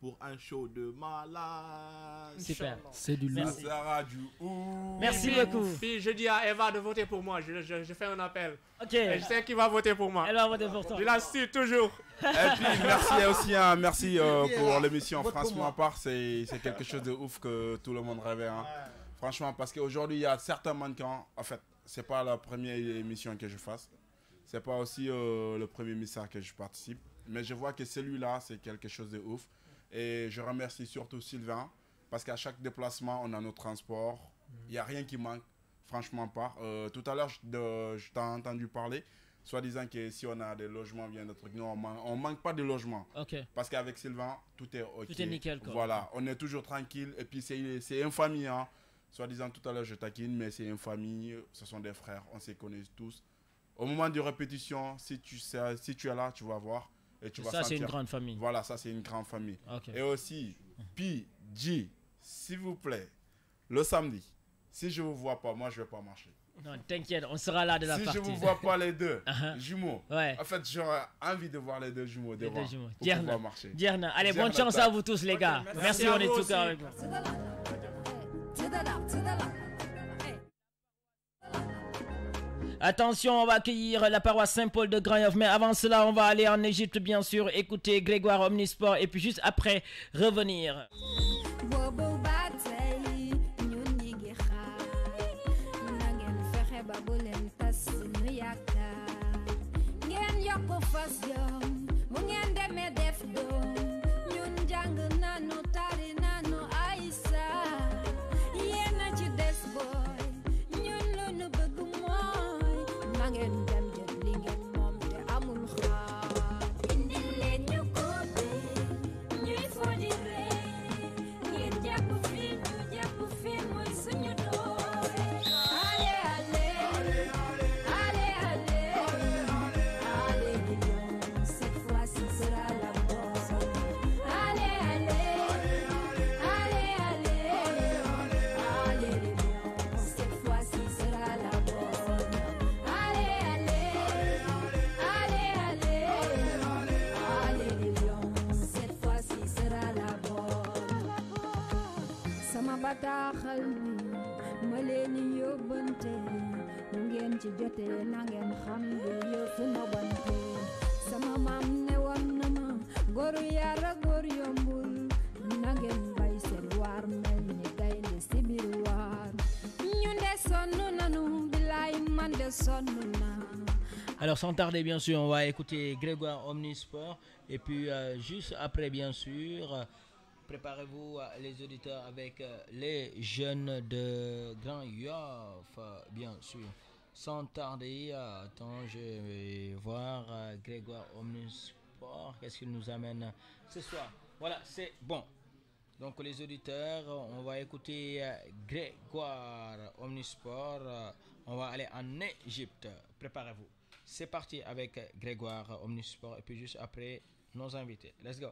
pour un show de malade. Super, c'est du lourd. Merci beaucoup. Puis je dis à Eva de voter pour moi. Je, fais un appel. Ok. je sais qui va voter pour moi. Elle va voter pour toi. Je la suis toujours. Et puis merci aussi, un hein. euh, merci pour l'émission. Franchement, à part, c'est quelque chose de ouf que tout le monde rêvait. Hein. Franchement, parce qu'aujourd'hui, il y a certains mannequins. En fait, c'est pas la première émission que je fasse. C'est pas aussi euh, le premier message que je participe. Mais je vois que celui-là, c'est quelque chose de ouf. Et je remercie surtout Sylvain, parce qu'à chaque déplacement, on a nos transports. Il n'y a rien qui manque, franchement pas. Euh, tout à l'heure, je, t'ai entendu parler, soit disant que si on a des logements, bien on, ne manque pas de logements. Parce qu'avec Sylvain, tout est OK. Tout est nickel. Voilà, on est toujours tranquille. Et puis, c'est une famille. Hein. Soit disant tout à l'heure, je taquine, mais c'est une famille. Ce sont des frères. On se connaît tous. Au moment de répétition, si tu, sais, si tu es là, tu vas voir ça, c'est une grande famille. Voilà, ça, c'est une grande famille. Et aussi, G s'il vous plaît, le samedi, si je ne vous vois pas, moi, je ne vais pas marcher. Non, t'inquiète, on sera là de la partie. Si je ne vous vois pas les deux uh-huh. jumeaux, en fait, j'aurais envie de voir les deux jumeaux devant. Les deux jumeaux. Pour marcher. Dierna. Allez, bonne chance à vous tous, les gars. merci, on est tous avec Attention, on va accueillir la paroisse Saint-Paul de grand Mais avant cela, on va aller en Égypte, bien sûr, écouter Grégoire Omnisport et puis juste après, revenir. Alors sans tarder bien sûr, on va écouter Grégoire Omnisport et puis euh, juste après bien sûr, euh, préparez-vous euh, les auditeurs avec les jeunes de Grand Yoff bien sûr. Sans tarder, euh, attends, je vais voir euh, Grégoire Omnisport. Qu'est-ce qu'il nous amène ce soir Voilà, c'est bon. Donc les auditeurs, on va écouter euh, Grégoire Omnisport. On va aller en Égypte. Préparez-vous. C'est parti avec Grégoire Omnisport et puis juste après nos invités. Let's go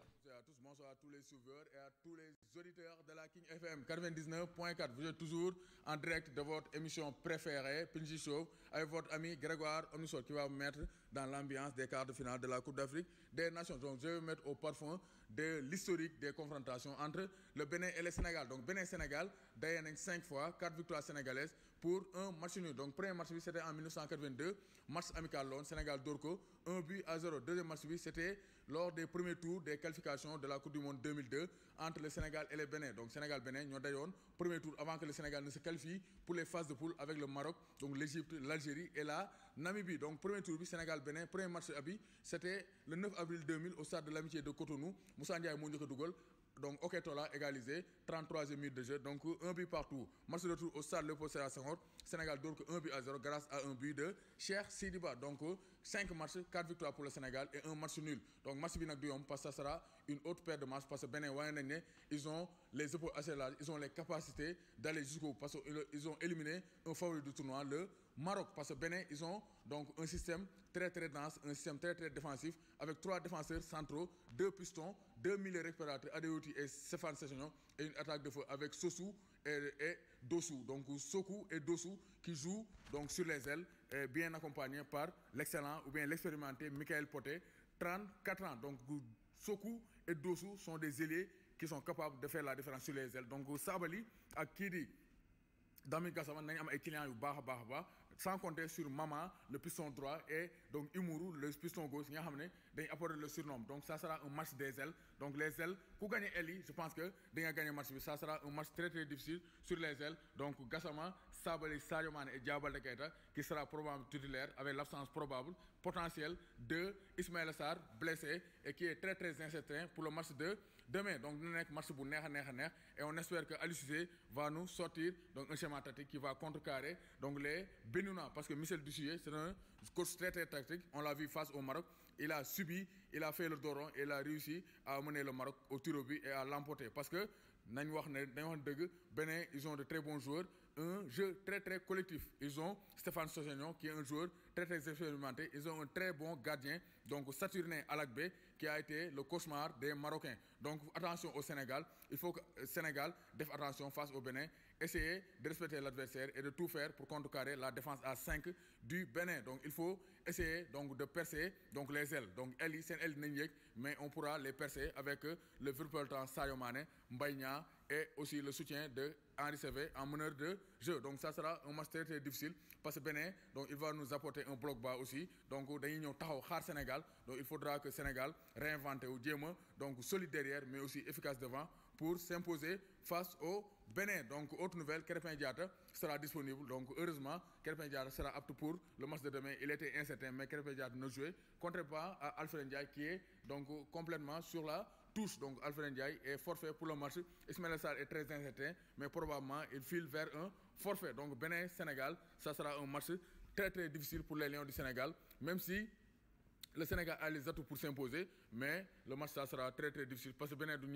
auditeurs de la King FM 99.4, vous êtes toujours en direct de votre émission préférée, Pinji Show, avec votre ami Grégoire Omnichol, qui va vous mettre dans l'ambiance des quarts de finale de la Coupe d'Afrique des Nations. Donc, je vais vous mettre au parfum de l'historique des confrontations entre le Bénin et le Sénégal. Donc, Bénin-Sénégal, Dayanen 5 fois, 4 victoires sénégalaises pour un match nul. Donc, premier match, c'était en 1982, match amical Londres, Sénégal-Dorco, un but à 0. Deuxième match, c'était lors des premiers tours des qualifications de la Coupe du Monde 2002 entre le Sénégal et le Bénin. Donc Sénégal-Bénin, ñoo premier tour avant que le Sénégal ne se qualifie pour les phases de poule avec le Maroc, donc l'Égypte, l'Algérie et la Namibie. Donc premier tour du Sénégal-Bénin, premier match abi, c'était le 9 avril 2000 au stade de l'Amitié de Cotonou. Moussa Ndiaye mounir donc, Oketola égalisé, 33e minute de jeu, donc un but partout. Match de retour au stade à à seconde. Sénégal donc un but à 0 grâce à un but de Cher Sidiba. Donc, 5 matchs, 4 victoires pour le Sénégal et un match nul. Donc, match Binak parce que ça sera une autre paire de matchs parce que Benin Wayanene, ils ont les épaules assez larges, ils ont les capacités d'aller jusqu'au parce qu'ils ont éliminé un favori du tournoi, le Maroc. Parce que Benin, ils ont donc un système très très dense, un système très très défensif avec trois défenseurs centraux, deux pistons 2000 récupérateurs Adeoti et Stéphane Sessegnon et une attaque de feu avec Sosu et, Dosu. Donc Soku et Dosu qui jouent donc, sur les ailes, bien accompagnés par l'excellent ou bien l'expérimenté Michael Poté, 34 ans. Donc Soku et Dosu sont des ailiers qui sont capables de faire la différence sur les ailes. Donc Sabali a Kidi. Damien Gassama nañ am ay clients sans compter sur Mama le piston droit et donc Imuru le piston gauche qui a apporté le surnom donc ça sera un match des ailes donc les ailes pour gagner Eli, je pense que gagner match ça sera un match très très difficile sur les ailes donc Gassama Sabali, Sadio et et de Keita qui sera probablement titulaire avec l'absence probable potentielle de Ismaël Sar, blessé et qui est très très incertain pour le match de demain donc dina un match pour nous, et on espère que Aliou va nous sortir donc un schéma tactique qui va contrecarrer donc les Béninois parce que Michel Dussier c'est un coach très très tactique on l'a vu face au Maroc il a subi il a fait le doron et il a réussi à mener le Maroc au tir et à l'emporter parce que nous wax ne ils ont de très bons joueurs un jeu très très collectif. Ils ont Stéphane Sosignon qui est un joueur très très expérimenté. Ils ont un très bon gardien, donc Saturnin Alakbe, qui a été le cauchemar des Marocains. Donc attention au Sénégal. Il faut que le euh, Sénégal fasse attention face au Bénin. Essayez de respecter l'adversaire et de tout faire pour contrecarrer la défense à 5 du Bénin. Donc il faut essayer donc, de percer donc, les ailes. Donc Eli, c'est Eli mais on pourra les percer avec euh, le virtuel Sayomane, Mbaïna et aussi le soutien de en Sévé en meneur de jeu. Donc ça sera un match très difficile parce que Bénin, donc il va nous apporter un bloc bas aussi. Donc Sénégal donc il faudra que Sénégal réinvente au diamant, donc solide derrière mais aussi efficace devant pour s'imposer face au Bénin. Donc autre nouvelle, Kerpen Diata sera disponible. Donc heureusement, Kerpen Diata sera apte pour le match de demain. Il était incertain mais Kerpen Diata ne jouait contre pas à Alfred Ndiaye qui est donc complètement sur la donc Alfred Ndiaye est forfait pour le match. Ismaël Sarr est très incertain, mais probablement il file vers un forfait. Donc Bénin-Sénégal, ça sera un match très très difficile pour les Lions du Sénégal, même si le Sénégal a les atouts pour s'imposer, mais le match ça sera très très difficile parce que Benin du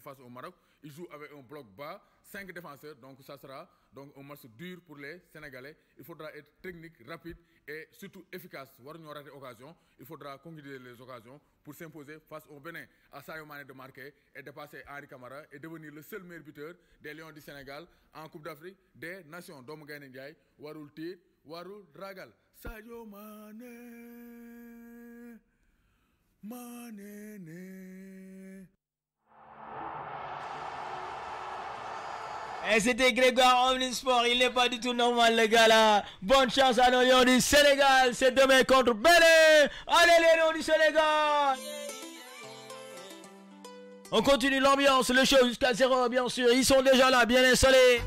face au Maroc, il joue avec un bloc bas, Cinq défenseurs, donc ça sera donc un match dur pour les Sénégalais. Il faudra être technique, rapide et surtout efficace. Voir occasion, il faudra concrétiser les occasions pour s'imposer face au Bénin. À Sayo Mané de marquer et de passer Henri Camara et devenir le seul meilleur buteur des Lions du Sénégal en Coupe d'Afrique des Nations. Dom Ndiaye, Warul Tir, Warul Ragal, et eh, c'était Grégoire Omnisport, il n'est pas du tout normal les gars là. Bonne chance à nos du Sénégal, c'est demain contre Belé. Allez les lions du Sénégal On continue l'ambiance, le show jusqu'à zéro bien sûr, ils sont déjà là, bien installés.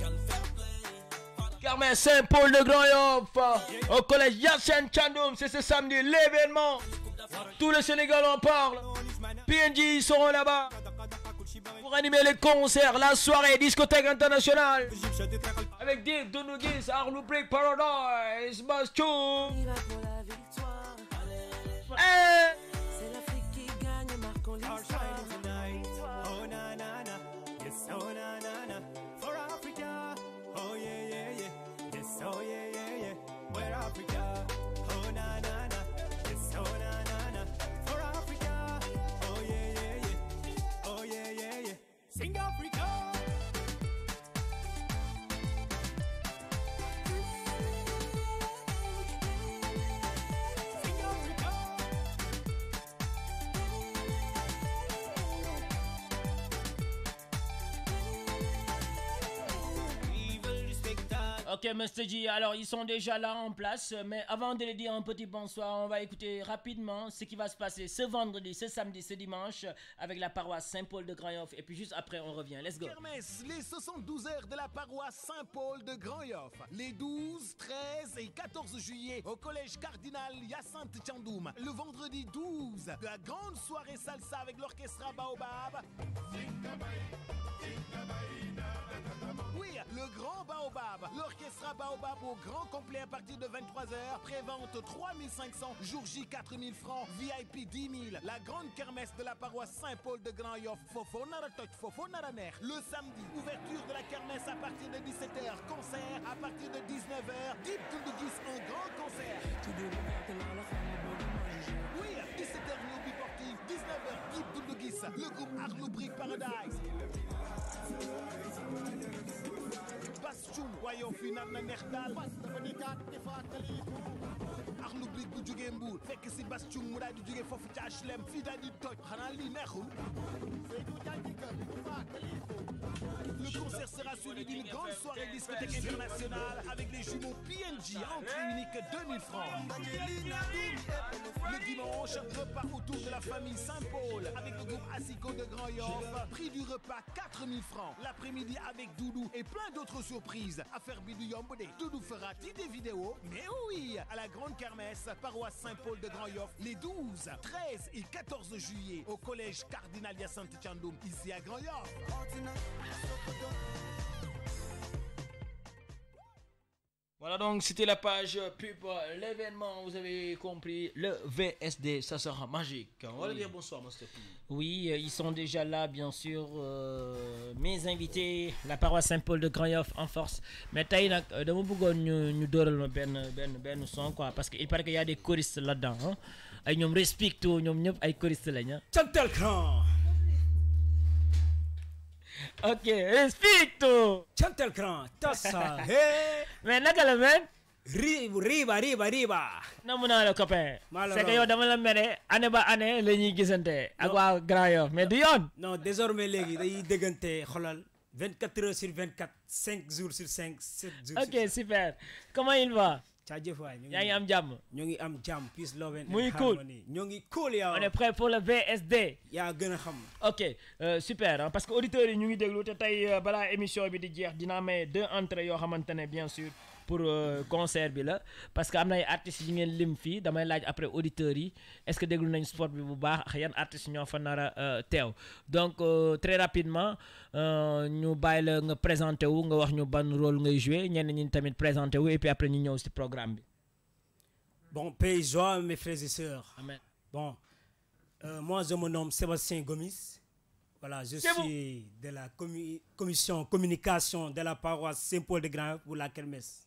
Carmen Saint-Paul de Grand Yoff, au collège Yassine Chandoum, c'est ce samedi l'événement. Tous le Sénégal en parle. PNJ, seront là-bas pour animer les concerts, la soirée, discothèque internationale. Avec Dave Donugis, Arlo Break Paradise, Bastion. Eh. Hey oh, oh, oh, yeah, yeah, yeah. Yes, oh, yeah. Ok, Mr. G, alors ils sont déjà là en place, mais avant de les dire un petit bonsoir, on va écouter rapidement ce qui va se passer ce vendredi, ce samedi, ce dimanche avec la paroisse Saint-Paul de grand Et puis juste après, on revient. Let's go. Kermesse, les 72 heures de la paroisse Saint-Paul de grand Les 12, 13 et 14 juillet au collège cardinal yacinthe Tchandoum. Le vendredi 12, la grande soirée salsa avec l'orchestre Baobab le Grand Baobab. l'orchestre Baobab au grand complet à partir de 23h. Prévente 3500, jour J 4000 francs, VIP 10 000. La grande kermesse de la paroisse Saint-Paul de Grand Yoff, Fofo à Fofo Le samedi, ouverture de la kermesse à partir de 17h. Concert à partir de 19h. Deep Gis, en grand concert. Oui, 17h New 19h Deep Gis, le groupe Brick Paradise. Bass Thioung waaye yow fii naan na neex daal Bass dafa ni kaat di fàttaliku Le concert sera celui d'une grande soirée discothèque internationale avec les jumeaux PNJ en clinique 2000 francs. Le dimanche, repas autour de la famille Saint-Paul avec le groupe Asiko de Grand Yoff. Prix du repas 4000 francs. L'après-midi avec Doudou et plein d'autres surprises. Affaire Bidou Yambodé, Doudou fera-t-il des vidéos Mais oui, à la grande carrière paroisse Saint-Paul de grand les 12, 13 et 14 juillet au collège Cardinal Yacinthe Tchandoum, ici à grand Voilà donc c'était la page pub, l'événement, vous avez compris, le VSD, ça sera magique. On va oui. dire bonsoir Master P. Oui, euh, ils sont déjà là bien sûr, euh, mes invités, la paroisse Saint-Paul de Grand en force. Mais tey mon euh, dama nous ñu ñu bien bien nous sommes quoi parce qu'il paraît qu'il y a des choristes là-dedans Ils nous respectent ils nous ay choristes nous hein. respectent. Chantal Ok, tout chante le cran, tassa, hey. Mais eh. nakala Riba, riba, riba, riba. Namuna le copain. C'est que dama la année année mais Non, désormais 24 heures sur 24, 5 jours sur 5, 7 jours. Ok, super. Comment il va? jaajëf waay ngi am jam. ñu am jàmm peace love and harmony. muy cool ñu cool yow. on est prêt pour le VSD. Ya gëna xam. ok euh, super hein, parce que auditeurs yi ñu ngi déglu te tey euh, balaa émission bi di jeex Dina may deux entrées yo xamante bien sûr pour euh, concert bi parce que am a ay artistes yi ngeen lim fi damay laaj après auditeurs est-ce que déglu nañ sport bi bu baax ak yan artistes ñoo fa euh, donc euh, très rapidement ñu allons la nga présenté wu nga wax ñu ban rôle ngay joué ñenn ñi tamit présenté wu et puis après ñu ñëw ci programme Bon, pays joie, mes frères et sœurs. Bon, moi, je me nomme Sébastien Gomis. Voilà, je suis de la commission communication de la paroisse Saint-Paul de Grand pour la Kermesse.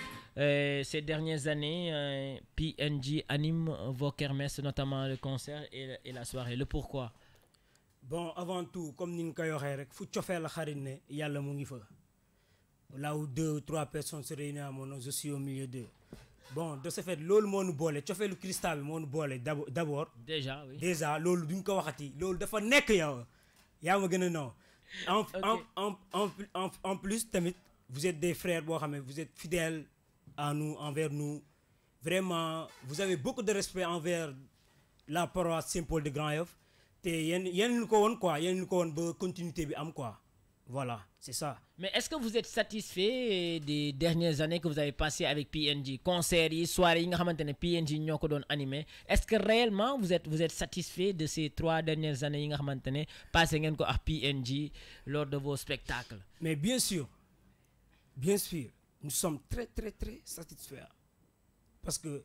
Euh, ces dernières années, euh, PNG anime vos kermesses, notamment le concert et, la soirée. Le pourquoi Bon, avant tout, comme nous l'avons dit, il faut faire la charine, il y a le Là où deux ou trois personnes se réunissent à je suis au milieu d'eux. Bon, de ce fait, l'ol monu bolé, boole le cristal monu bolé. D'abord, déjà oui déjà loolu duñ ko waxati loolu dafa nek yow yaa ma non. en en plus vous êtes des frères vous êtes fidèles à nous, envers nous. Vraiment, vous avez beaucoup de respect envers la paroisse Saint-Paul de grand euf Il y ko une quoi continuité quoi voilà c'est ça. mais est-ce que vous êtes satisfait des dernières années que vous avez passées avec PNJ concerts soirées PNJ nous avons animé est-ce que réellement vous êtes vous êtes satisfait de ces trois dernières années yi nga avez passé PNJ lors de vos spectacles. mais bien sûr bien sûr nous sommes très très très satisfaits parce que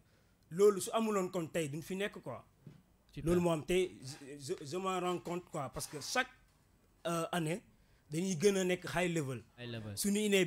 loolu su amulone kon tay duñ fi nek quoi. loolu mo am je me m'en rends compte quoi parce que chaque euh, année dañuy gëna nek high level. high level su ñu inee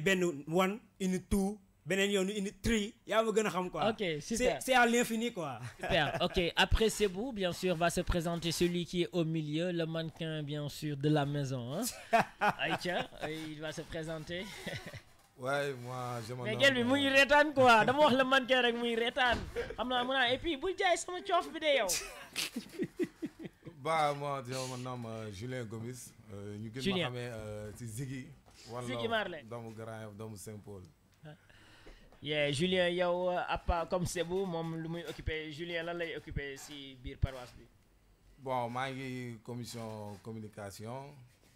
one une two. benen yoon une tri ma xam quoi. ok c'est à l'infini quoi. super ok après c'est vous, bien sûr va se présenter celui qui est au milieu le mannequin bien sûr de la maison hein Aïcha il va se présenter. Ouais, moi, je m'en Mais quel muy reetaan quoi, dama wax la man kay rek muy reetaan. Xam naa mu naa et puis bul jaay sama coof bi de yow. Bah, moi, je mon nom euh, Julien Gomis. Euh, ñu gën ma xamee si euh, Ziggy. wala Ziggy Marley doomu Grand Yoff doomu Saint-Paul. Yeah, Julien yow à comme Sebou moom lu muy occupé Julien lan lay occupé si biir paroisse bi. Bon maa ngi commission communication.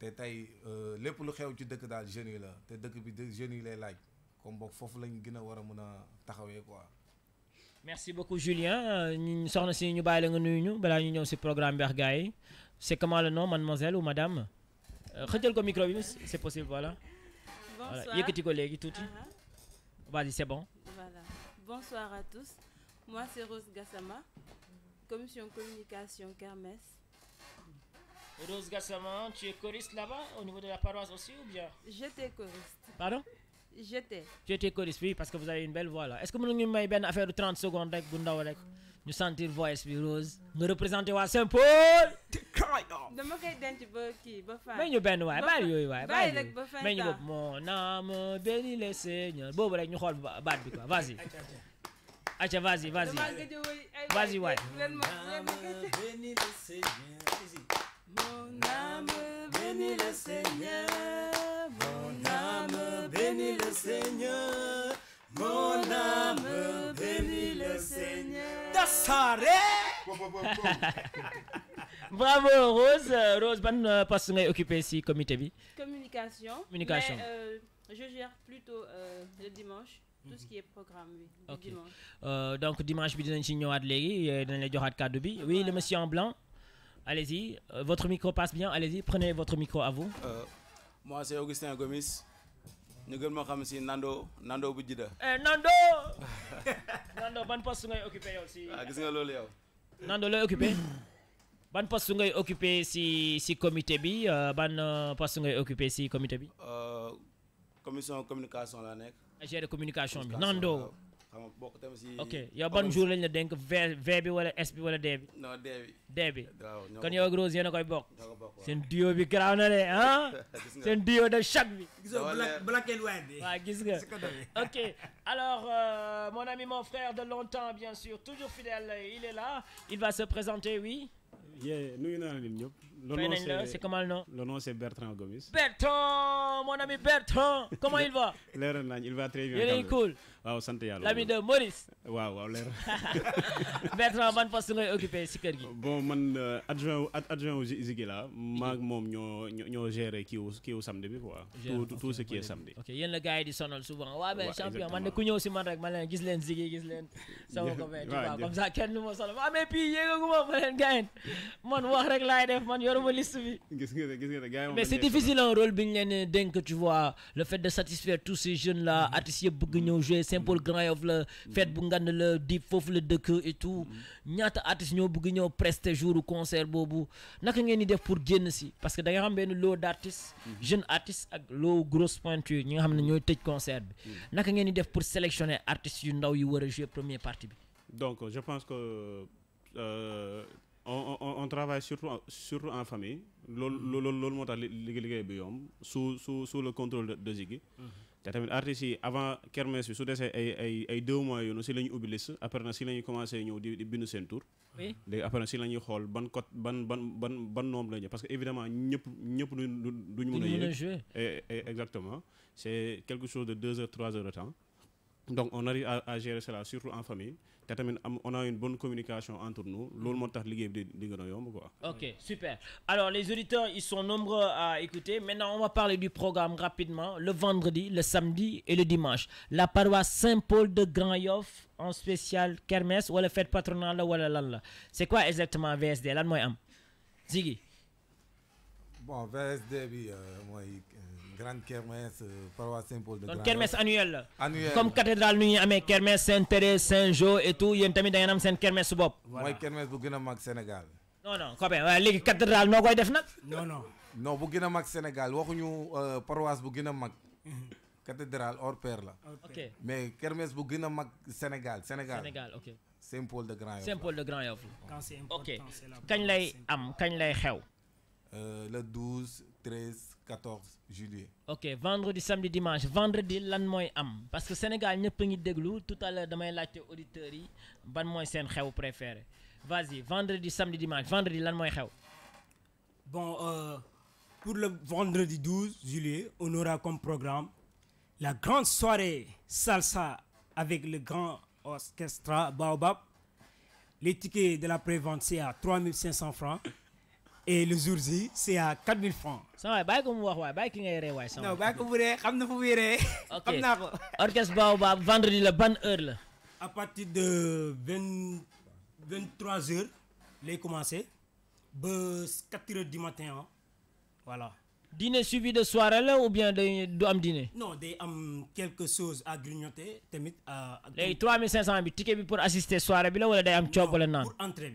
te tey euh, lépp lu xew ci dëkk daal jeunes yi la te dëkk bi jeunes yi lay laaj comme boog foofu lañ gën a war a mën a taxawee quoi. merci beaucoup Julien ñu soxna si ñu bàyyi la nga nuyu ñu balaa ñu ñëw si programme bi gars yi c'est comment le nom mademoiselle ou madame euh, xëjal ko micro bi c'est possible voilà. bonsoir voilà yëkkati ko léegi tuuti. Uh-huh. vas-y c'est bon. voilà bonsoir à tous moi c'est Rose Gassama commission communication Kermesse. Rose Gassaman, tu es choriste là-bas, au niveau de la paroisse aussi ou bien J'étais choriste. Pardon J'étais. Tu étais choriste, oui, parce que vous avez une belle voix là. Est-ce que vous nous avez une affaire de 30 secondes avec Bunda Walek Nous sentir voix, puis Rose. Nous représenter à Saint-Paul. dama koy denc ba kii ba faa. Mais ñu ben waay bàyyi yooyu waay bàyyi rek ba mon âme béni le Seigneur boobu rek ñu xool baat bi vas-y. vas-y vas-y. vas-y waay. Mon âme bénit le Seigneur, mon âme bénit le Seigneur, mon âme bénit le Seigneur. Bravo Rose, Rose, bonne euh, poste occupée ici, comité Communication. Communication. Mais, euh, je gère plutôt euh, le dimanche. tout ce qui est programme oui. dimanche. donc dimanche bi dinañ ci ñëwaat léegi dinañ la joxaat de bi oui le monsieur en blanc. Allez-y, euh, votre micro passe bien. Allez-y, prenez votre micro à vous. Euh, moi, c'est Augustin Gomis. nous sommes moo Nando Nando Bujida. Eh, Nando. Nando ban poste ngay occupé aussi. ah que nga Nando vous occupé. Bonne poste ngay occupé ici, si comité bi euh, ban poste ngay occupé si comité bi. commission communication là. de communication Nando xam nga tam si. ok yow ban jour lañ la dénk V V bi wala S bi wala D bi. non D bi. D bi kon yow ak Rose yéen a koy bokk. seen duo bi garaaw na de ah. seen duo de chaque vie. black black and white waaw ok alors euh, mon ami mon frère de longtemps bien sûr toujours fidèle il est là il va se présenter oui. Oui, nous c'est comment le nom Le nom c'est Bertrand Gomis. Bertrand, mon ami Bertrand, comment il va il va très bien. Il est cool waaw sant yàlla. l'ami de Maurice. waaw waaw leer. Bertrand ban poste ngay occupé si kër gi. bon man adjoint euh, adjoint wu Ziggy la maa ak moom ñoo ñoo gérer kii wu kii samedi bi quoi. tout tout ce qui est samedi. ok yéen la gars yi di sonal souvent. waaw mais champion man de ku ñëw si man rek ma leen gis leen zigi gis leen. sama ko fee waaw comme ça kenn du ma sonal ma mais puis yéegagu ma ma leen gars man wax rek laay def man yoruma liste bi. gis nga gis nga gars yi mais c'est difficile un rôle bi ñu leen dénk tu vois le fait de satisfaire tous ces jeunes là mm-hmm. artistes yëpp bëgg ñëw mm-hmm. jouer simple Grand Yoff la fête bu le le deep foofu le dëkk et tout ñata artistes ñoo bëgg ñoo prester jour concert bobu naka ngeen ni def pour génn si parce que da nga xam ben low d'artistes jeune artistes ak lot grosse pointure ñi nga xam ne ñoy tëj concert bi naka ngeen ni def pour sélectionner artistes yu ndaw yu wara jouer première partie bi donc euh, je pense que euh, On, on, on, travaille surtout, surtout en famille. Lol, lol, lol, sous, sous, sous le contrôle de, de mm-hmm te tamit artiste yi avant kermesse bi su desee ay ay ay deux mois yoonu si la ñu ubbi liste après na si la commencé commencé ñëw di di bind seen tour oui léegi après na si la ñuy xool ban ban ban ban ban nombre la parce que évidemment ñëpp ñëpp du du ñu mën a jouer exactement c' est quelque chose de deux heures trois heures de temps donc on arrive à gérer cela surtout en famille on a une bonne communication entre nous ok super alors les auditeurs ils sont nombreux à écouter maintenant on va parler du programme rapidement le vendredi le samedi et le dimanche la paroisse Saint-Paul de grand en spécial kermesse la fête patronale la wala la c'est quoi exactement VSD Là, mooy bon VSD grande kermesse euh, paroisse Saint-Paul de donc kermesse annuelle annuelle comme cathédrale nous avons amee kermesse Sainte-Thérèse Saint-Jo et tout yéen tamit da ngeen am seen kermesse su bopp. kermesse bu gën Sénégal. non non copain waaye léegi cathédrale noo koy def non non non bu gën a mag Sénégal waxuñu euh, paroisse bu gën mhm. cathédrale hors pair là. ok mais kermesse bu gën Sénégal Sénégal. Sénégal ok. Saint-Paul de Grand Saint-Paul de Grand Yoff. quand c'est important là. kañ lay am kañ lay xew. Euh, le 12 13. 14 juillet. ok vendredi samedi dimanche vendredi lan am parce que Sénégal n'est a de déglu tout à l'heure demain laajte auditeurs yi ban c'est un xew préféré vas-y vendredi samedi dimanche vendredi lan bon euh, pour le vendredi 12 juillet on aura comme programme la grande soirée salsa avec le grand orchestre Baobab les tickets de la prévente c'est à 3500 francs et le jour J c'est à 4000 francs. Ça va, bàyyi ko mu wax waay bàyyi ki ngay ree waay non bàyyi ko mu ree xam na fu muy ok ko. orchestre Baobab vendredi la bonne heure là. à partir de 23 23h, heures commencer. commencé ba h h du matin hein. voilà. dîner suivi de soirée ou bien d'un am dîner. non de am quelque chose à grignoter tamit. léegi 3500 bi ticket bi pour assister soirée bi la wala day am coob pour entrée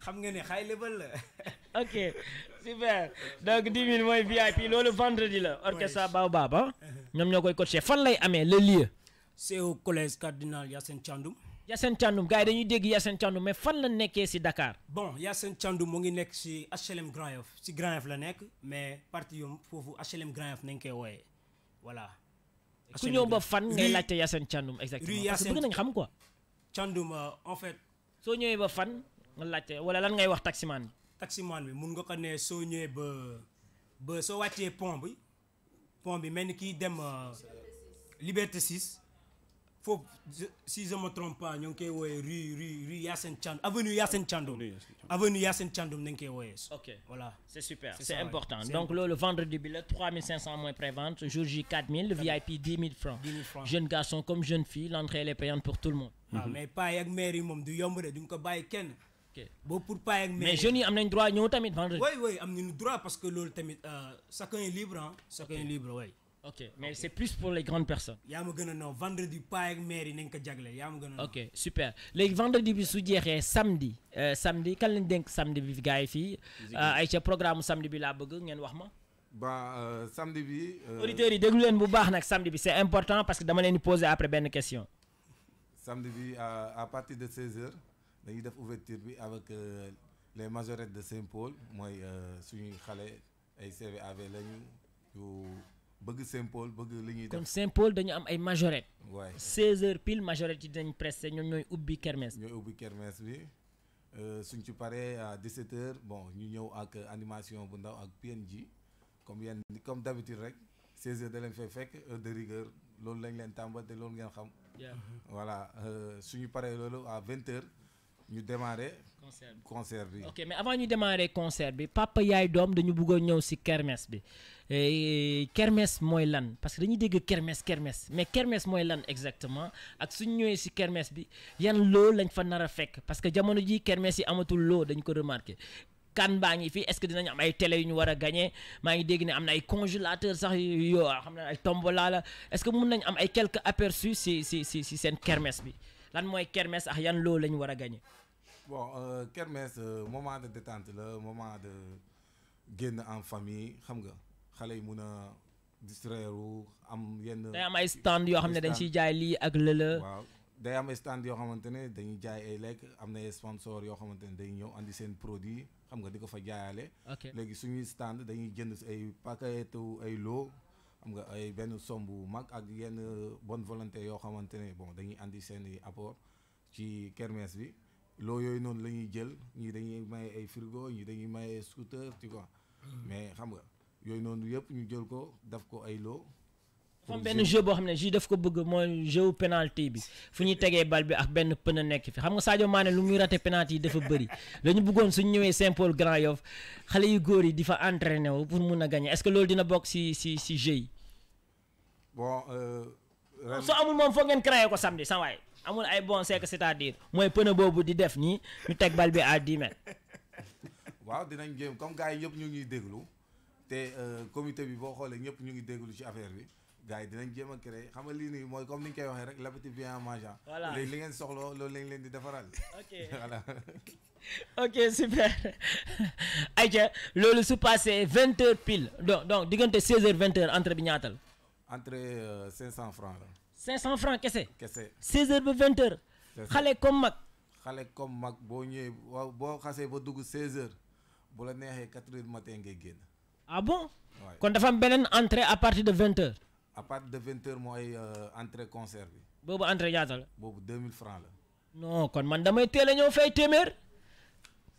xam nga ne high level la. ok super donc 10 000 mooy VIP loolu vendredi la. orchestre Baobab ah. Uh-huh. ñoom ñoo koy coacher fan lay amee le lieu. c'est au collège cardinal Yacine Thiandoum. Yacine Thiandoum gars dañuy dégg Yacine Thiandoum mais fan la nekkee si dakaar bon Yacine Thiandoum mu ngi nekk si HLM Grand Yoff si Grand Yoff la nekk mais parti yu foofu HLM Grand Yoff nañ koy wooyee voilà. ku ñëw ba fan ngay laajte Yacine Thiandoum exactement parce que bëgg nañ xam euh, fait. soo ñëwee ba fan nga laajte wala lan ngay wax taximaan bi. taximaan bi mun nga ko né so ñëwee ba ba so wàccee pont bi pont bi mel ni dem euh, Liberté 6 faut si je me trompe pas ñoo ngi koy rue rue rue yassine Thiandoum avenue yassine Chandou, avenue yassine Thiandoum nañ koy wooyee. ok voilà c'est super c'est important donc le vendredi bi la 3500 moins prévente jour J 4000 le VIP 10 000 francs. 10 francs jeune garçon comme jeune fille l'entrée elle est payante pour tout le monde. waaw ah, mais pas avec ak maire yi du yomb de duñ ko baye kenn. Mais pour paay ak mais jeunes yi am nañ droit ñëw tamit vendredi. oui oui am nañu droit parce que loolu tamit euh, chacun est libre Hein? chacun est libre oui. ok mais c'est plus pour les grandes personnes. yaa ma gën non vendredi paay ak maire yi nañ ko jagle ok super léegi vendredi bi su jeexee samedi euh, samedi kan lañ dénk samedi bi gars yi fii. Euh, programme samedi bi laa bëgg ngeen wax ma. ba samedi bi. auditeurs yi déglu leen bu baax nak samedi bi c'est important parce que dama leni poser après ben question. samedi bi à partir de 16h dañuy def ouverture bi avec euh, les majorettes de Saint-Paul mooy euh, suñu xale ay CVAV lañu yu bëgg Saint-Paul bëgg li ñuy def kon Saint-Paul dañu am ay majorettes. waay 16h pile majorettes yi dañu pressé ñoom ñooy ubbi kermesse. ñooy ubbi kermesse bi euh, suñ ci paree à 17h bon ñu ñëw ak animation bu ndaw ak PNJ comme yenn comme d'habitude rek 16h da leen fay fekk heure de rigueur loolu lañ leen tàmbal te loolu ngeen xam. voilà suñu paree loolu à 20h ñu démarrer. concert bi ok mais avant ñu démarrer concert bi papa yaay doom dañu bëggoon ñëw si kermesse bi eh, kermesse mooy lan parce que dañuy dégg kermesse kermesse mais kermesse mooy lan exactement ak suñu ñëwee si kermesse bi yan loo lañ fa nar a fekk parce que jamono ji kermesse yi amatul loo dañ ko remarqué. kan baa ngi fi est-ce que dinañ am ay télé yu ñu war a gagné maa ngi dégg ne am na ay congélateur sax yoo xam ne ay tombola la est-ce que mun nañ am ay quelques aperçus si si si si seen kermesse bi lan mooy kermesse ak yan loolu lañ ñu war a gagné. bon euh, kermesse euh, moment de détente la moment de génn en famille xam nga xale yi mun a distraire am yenn. day am ay stand yoo xam ne dañ ciy jaay lii ak lëla. waaw day am stand yoo xamante ne dañuy jaay ay lekk am na ay sponsor yoo xamante ne dañuy ñëw indi seen produit xam nga di ko fa jaayaale. léegi suñuy stand dañuy jënd ay paquetu ay lot. xam nga ay benn somb bu mag ak yenn bonne volonté yoo xamante ne bon dañuy andi seen i apport ci kermesse bi loo yooyu noonu la ñuy jël ñii dañuy maye ay frigo ñii dañuy maye ay scooter tu vois hmm. mais xam nga yooyu noonu yëpp ñu jël ko daf ko ay loo am benn jeu boo xam ne jeu daf ko bëgg mooy jeu penalty bi fu ñuy tegee bal bi ak benn pën nekk fi xam nga Sadio Mané lu muy raté penalty yi dafa bëri dañu bëggoon suñ ñëwee Saint-Paul Grand Yoff xale yu góor yi di fa entraîné wu pour mun a gagné est-ce que loolu dina bokk si si si jeu yi bon euh, soo amul moom foog ngeen créé ko samedi sa amul ay bon sec c'est-à-dire moy pneu bobu di def ni ñu tek bal bi à 10 mètres. waaw dinañ jéem comme gaay yi ñëpp ñu ngi déglu te euh, comité bi bo xolé ñëpp ñu ngi déglu ci affaire bi gaay dinañ jéem a créer xam nga lii nii mooy comme ni ñu koy waxee rek l'appétit vient en mangeant. voilà li ngeen soxlo lo leen leen di defaral. ok voilà. ok super ayca lolu su passé 20h pile donc donc diggante 16h 20h entre bi ñaatal. entrée euh, cinq francs 500 francs qu'est-ce que c'est 16h 20h. Khalé comme Mac. Khalé comme Mac si vous êtes à 16h bu la à 4h matin ngay ah bon. Quand dafa am beneen entrée à partir de 20h. à partir de 20h mooy euh, entrée concert bi. boobu entrée 2000 francs là. non kon man damay teel a faire fay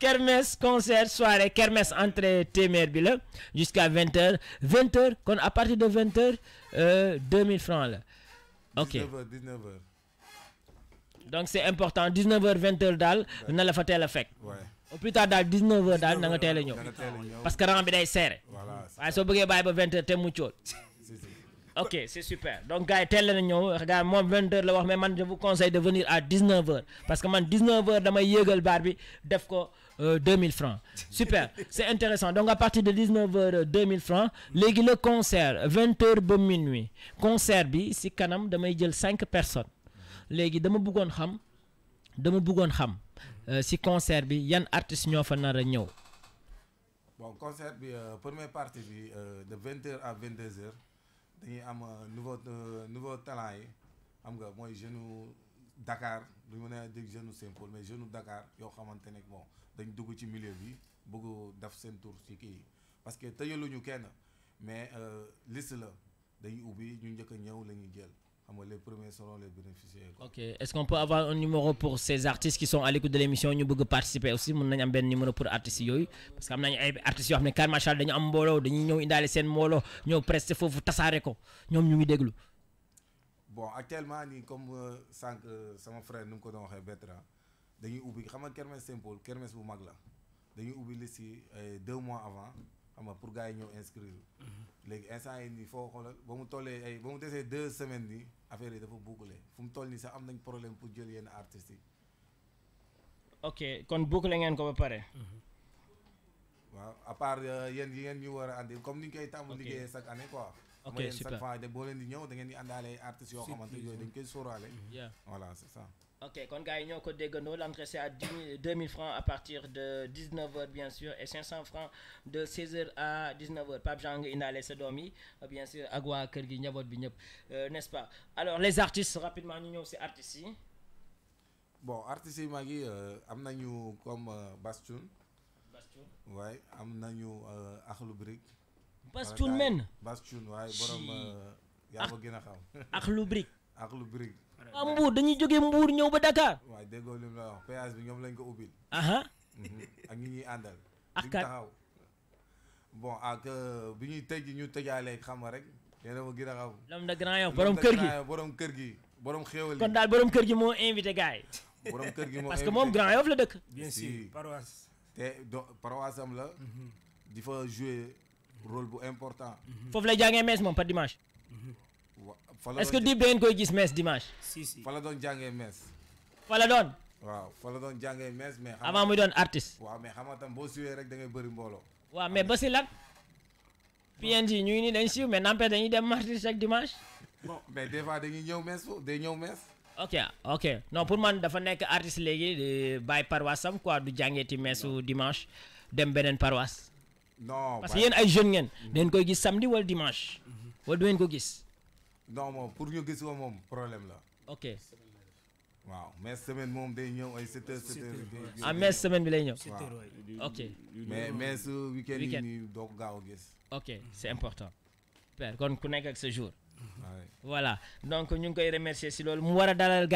kermesse, concert, soirée, kermesse entrée Témer jusqu'à 20h. 20h, quand à partir de 20h, euh, 2000 francs. Ok. Donc c'est important. 19h, 20h, dal, on a la fête à Ouais. Au plus tard, 19h, dal, on a fête Parce que Rambé est serré. Voilà. Si on 20h, t'es ok c'est super donc gars tel réunion, gars 22h mais man je vous conseille de venir à 19h parce que moi, 19h je vais faire Barbie, def 2000 euh, francs super c'est intéressant donc à partir de 19h euh, 2000 francs le concert 20h ba minuit concert bi si kanam 5 personnes léegi dama bëggoon xam dama bëggoon xam euh, si concert bi yan artistes qui fa nar bon concert bi première partie de 20h à 22h. dañuy am euh, nouveau euh, nouveau talent yi xam nga mooy jeune Dakar du ñu mën a dégg jeune Saint-Paul mais jeune Dakar yoo xamante ne moom dañ dugg ci milieu bi bëggu def seen tour ci kii parce que ñu kenn mais euh, liste la dañuy ubbi ñu njëkk a ñëw la ñuy jël. Ah, les premiers seront les bénéficiaires. Ok, est-ce qu'on peut avoir un numéro pour ces artistes qui sont à l'écoute de l'émission ñu bëgg participer aussi mun nañu am benn numéro pour artistes yooyu parce que am nañu ay artistes yoo xam ne car macha dañu am mbooloo dañuy ñëw indaale seen mbooloo ñëw presque foofu tasaare ko ñoom ñu ngi déglu. bon actuellement nii comme euh, sànq euh, sama frère nu mu ko doon waxee Bertrand dañuy ubbi xam nga kermesse simple kermesse bu mag la dañuy ubbi liste yi euh, deux mois avant. ama pour gars ñeu inscrire. Mm-hmm. léegi instant yi fo xolal ba mu tollé ay ba mu déssé deux semaines nii affaire yi dafa bouclé fu mu toll ni sax am nañ problème pour jël yeen artiste yi. ok kon bouclé ngeen ko ba paré mm-hmm. waaw à part euh, yeen yi ngeen ñu wara andi comme ni ngi koy tambu liggéey sax ané quoi. ok super fa de bo leen di ñëw da ngeen di andalé artiste yo xamanteni yooyu dañ koy sóoraale. Mm-hmm. voilà c'est ça. Ok, kon gagnons, Côte ko déggandoo l'entrée c'est à 2000 francs à partir de 19h bien sûr et 500 francs de 16h à 19h Pape Jang, il n'a laissé dormir, bien sûr à waa kër gi euh, n'est-ce pas alors les artistes rapidement nous ñëw artistes bon artistes il y a un comme euh, Bastion. Bastion ouais. am nañu euh, Akhlou Brick Bastoun men Bastion, waaye borom y a xam Akhlou Brick Akhlou Brick waa Mbour dañuy jógee Mbour ñëw ba Dakar. waaw déggoo li la wax bi ñoom lañ ko ubbil. Mm-hmm. ak ñi ñuy àndal. ak kat taxaw bon ak euh, bi ñuy tëj ñu tëjaalee xam nga rek. yéen a ma gën a xam. Grand Yoff borom kër gi borom kër gi borom xéewal kon daal borom kër gi moo invité gars borom kër gi moo parce que moom Grand Yoff la dëkk. bien si paroisse. te do paroisse am la. Mm-hmm. di fa jouer rôle bu important. foofu la jàngee mees moom par dimanche. Mm-hmm. fa est ce que dib dañ koy gis mes dimanche. si si fala don jangé mes. fala don waaw fala don jangé mes mais. avant muy don artiste. waaw mais xam nga tam boo suwee rek da ngay bëri mbolo waaw mais bëssi lak lan. PNJ ñu ngi dañ siiw mais n'empêche dañuy dem martyr chaque dimanche. bon mais des fois dañuy ñëw mes de ñëw mes. ok ok non pour man dafa nek artiste de bay paroisse sam quoi du jangé ti meesu dimanche dem benen paroisse. non parce que yeen ay jeune ngeen. dañ koy gis samedi wala dimanche. Mhm. wala du ngeen ko gis. non pour ñu gis ko problème là? ok. waaw mais semaine moom day ñëw ay 7 heures ah mais semaine bi lay ok. mais mais su week yi doo ok c'est important. père kon ku jour. voilà donc ñu koy remercier si loolu mu war dalal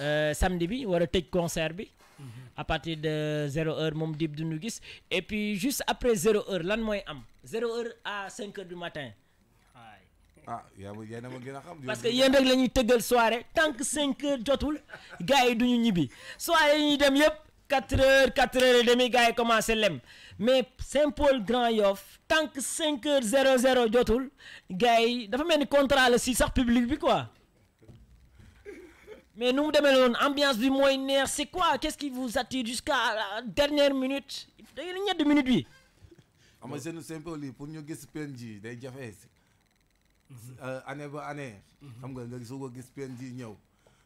euh, samedi bi war a tëj concert bi. Mhm. à partir de zéro heure moom du ñu Guiss et puis juste après zéro heure lan mooy zéro heure à cinq heures du matin ah il y a ma gën a xam. parce que yéen rek la ñuy soirée tant que 5 h jotul gars yi du soirée yi ñuy dem yëpp 4 h 4 h et demi gars yi commencé lem mais Saint-Paul Grand Yoff tant que 5 h 00 jotul gars yi dafa mel le contrat la si public bi quoi mais nous mu demee noonu ambiance bi mooy c'est quoi qu'est-ce qui vous attire jusqu'à la dernière minute y a ñetti minute bi. ama jeune Saint-Paul yi pour ñu gis PNJ day jafe. Euh, année ba année. xam nga nga a gis PNJ ñëw.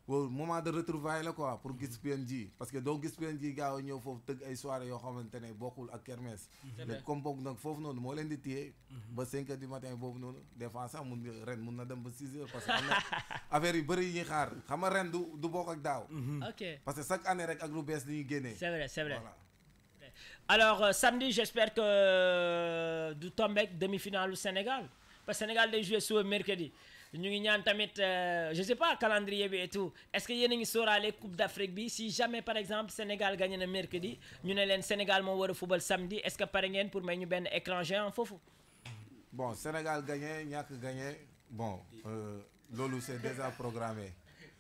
moment de retrouvaille la quoi pour gis PNG parce que doo gis PNG gaaw faut ñëw foofu tëgg ay soirée yoo xamante ne bokkul ak kermesse. Mais comme boog nag foofu noonu moo leen di téye. Mhm. ba 5 heures du matin boobu noonu des fois sax mun ren na dem ba 6 heures. parce que affaire yu bëri yi xaar xam nga du du ak mhm. ok parce que chaque année rek ak lu bees li ñuy c'est vrai alors euh, samedi j'espère que euh, du mec demi-finale Sénégal parce que Sénégal day jouer sur mercredi Nous ngi ñaan euh, sais pas calendrier et tout est ce que yéen a à la coupe d'Afrique si jamais par exemple le Sénégal gagne le mercredi nous ne le Sénégal moo le football samedi est ce que pare ngeen pour may un écran géant fofu? bon Sénégal gagne, a que gagne. bon euh, c'est est déjà programmé.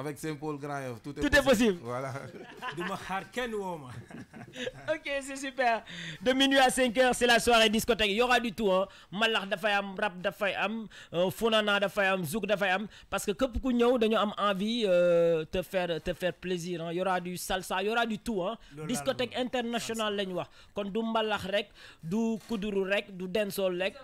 avec Saint-Paul Grand tout est tout possible. est possible voilà. du ma xaar kenn ma. ok c'est super de minuit à 5 heures c'est la soirée discothèque Il y aura du tout hein. malax dafay am rap dafay am euh, funana zouk parce que que beaucoup ñëw am envie euh, te faire te faire plaisir hein. Il y aura du salsa il y aura du tout hein. discothèque internationale lañ wax kon du malak rek du kuduru rek du dancehall rek.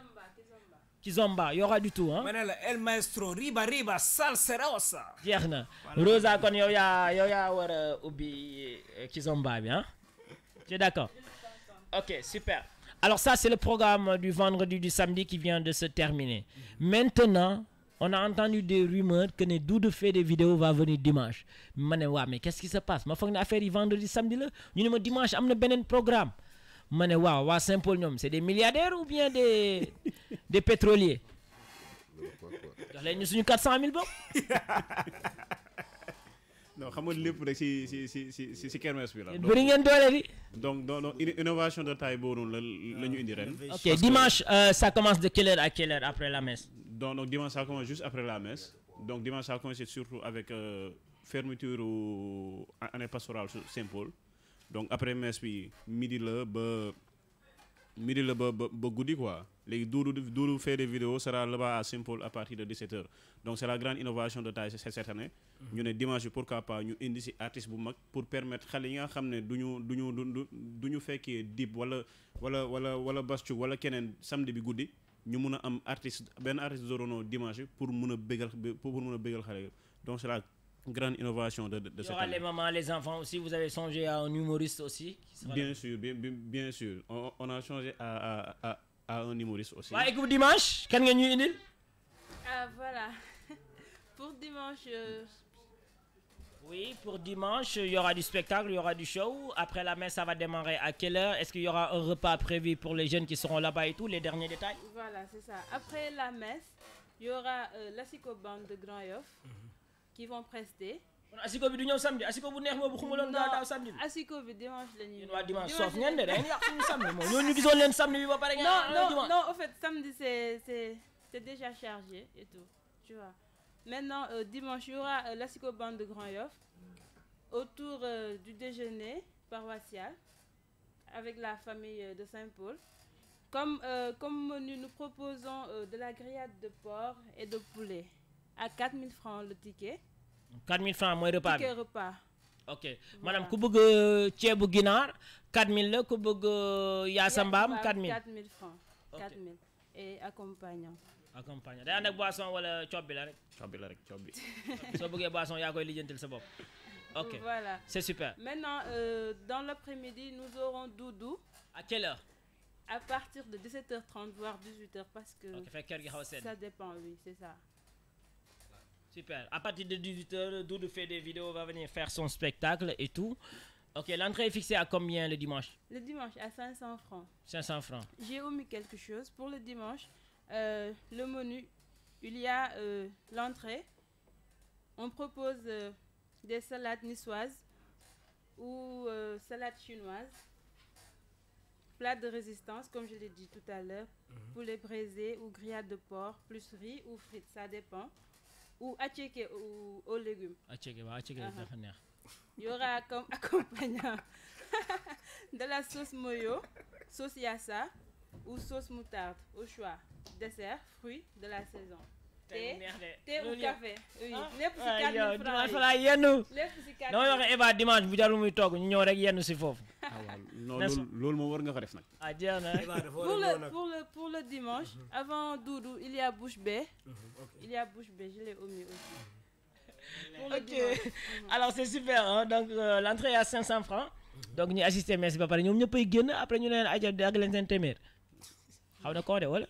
Kizomba y aura du tout hein. ma El Maestro riba riba salsa Rosa. viernes Rosa kon yow ya ya ya war a eh, Kizomba bien hein. tu es d'accord ok super alors ça c'est le programme du vendredi du samedi qui vient de se terminer maintenant. On a entendu des rumeurs que ne de fait des vidéos va venir dimanche. Ma ne mais qu'est-ce qui se passe ma foog a affaire du vendredi samedi là. ñu dimanche am na un programme ma ne waaw Saint-Paul c'est des milliardaires ou bien des des pétroliers 400 000 non donc innovation de taille nous ah, dimanche euh, ça commence de quelle heure à quelle heure après la messe. donc dimanche ça commence juste après la messe donc dimanche ça commence surtout avec euh, fermeture année pastorale Saint-Paul donc après messe midi le midi le ba ba quoi. Les Doudou Doudou fait des vidéos sera là-bas à Saint-Paul à partir de 17h donc c'est la grande innovation de Thaïs cette année mhm. Nous, avons dimanche pour pourquoi pas nous indi artiste pour permettre à yi nga de nous du qui du ñu du du ñu dib wala wala wala wala bastu wala samedi bi nous ñu artiste ben artiste Dorono dimanche pour nous faire bégal pour donc c'est la grande innovation de, de, cette année. les mamans, les enfants aussi. Vous avez songé à un humoriste aussi Bien sûr, bien, bien, sûr. On, on a changé à, à, à à un humoriste aussi. écoute, dimanche, quand Ah, voilà. pour dimanche. Euh, oui, pour dimanche, il y aura du spectacle, il y aura du show. Après la messe, ça va démarrer à quelle heure Est-ce qu'il y aura un repas prévu pour les jeunes qui seront là-bas et tout Les derniers détails Voilà, c'est ça. Après la messe, il y aura euh, la Band de Grand Yoff mhm. qui vont prester kon asiko bi du ñëw samedi asiko bu neex bobu xumulon da daaw samedi asiko bi dimanche la ñuy. waa dimanche soof ngeen de da ngeen yàq suñu samedi nous ñu gisoon leen samedi bi ba pare. ngeen non non non en fait samedi c'est c'est c'est déjà chargé et tout tu vois maintenant euh, dimanche il y aura euh, l'asiko bande de Grand Yoff autour euh, du déjeuner paroissial avec la famille euh, de Saint-Paul. Comme, comme nous nous proposons de la grillade de porc et de poulet à 4000 francs le ticket. 4000 francs mooy repas bi repas. ok madame ku bëgg euh, ceebu ginaar 4000 la ku bëgg yasambam 4000 4000 francs 4000 et accompagnant. accompagnant day ànd boisson wala cob bi la rek. cob bi la rek cob bi soo boisson yaa koy lijjantil sa bop ok voilà c'est super. maintenant euh, dans l'après-midi nous aurons Doudou. à quelle heure. à partir de 17h30 voire 18h parce que. ça dépend oui c'est ça. Super. À partir de 18h, Doudou fait des vidéos, va venir faire son spectacle et tout. Ok, l'entrée est fixée à combien le dimanche Le dimanche, à 500 francs. 500 francs. J'ai omis quelque chose. Pour le dimanche, euh, le menu, il y a euh, l'entrée. On propose euh, des salades niçoises ou salades chinoises. Plat de résistance, comme je l'ai dit tout à l'heure, mhm. poulet braisé ou grillade de porc, plus riz ou frites, ça dépend ou acheke ou aux légumes. Acheke, ou uh-huh. Il y aura comme accompagnant de la sauce moyo, sauce yassa ou sauce moutarde au choix. Dessert, fruits de la saison tey tey café ah. Le si quatre mille francs yi laa yenn lépp dimanche bu jarul muy togg ñu ñëw rek yenn si foofu ah, non loolu moom war nga ko def nag ah jeex na pour le pour le pour le dimanche mhm. avant Doudou il y a Bouche Bée mhm, il y a Bouche Bée je l'ai omis aussi mhm. ok alors c'est super hein donc euh, l'entrée est à 500 francs donc ni assisté merci ba pare ñoom ñëppay génn après ñu ne leen aja dagg leen seen téeméer xaw na koo de wala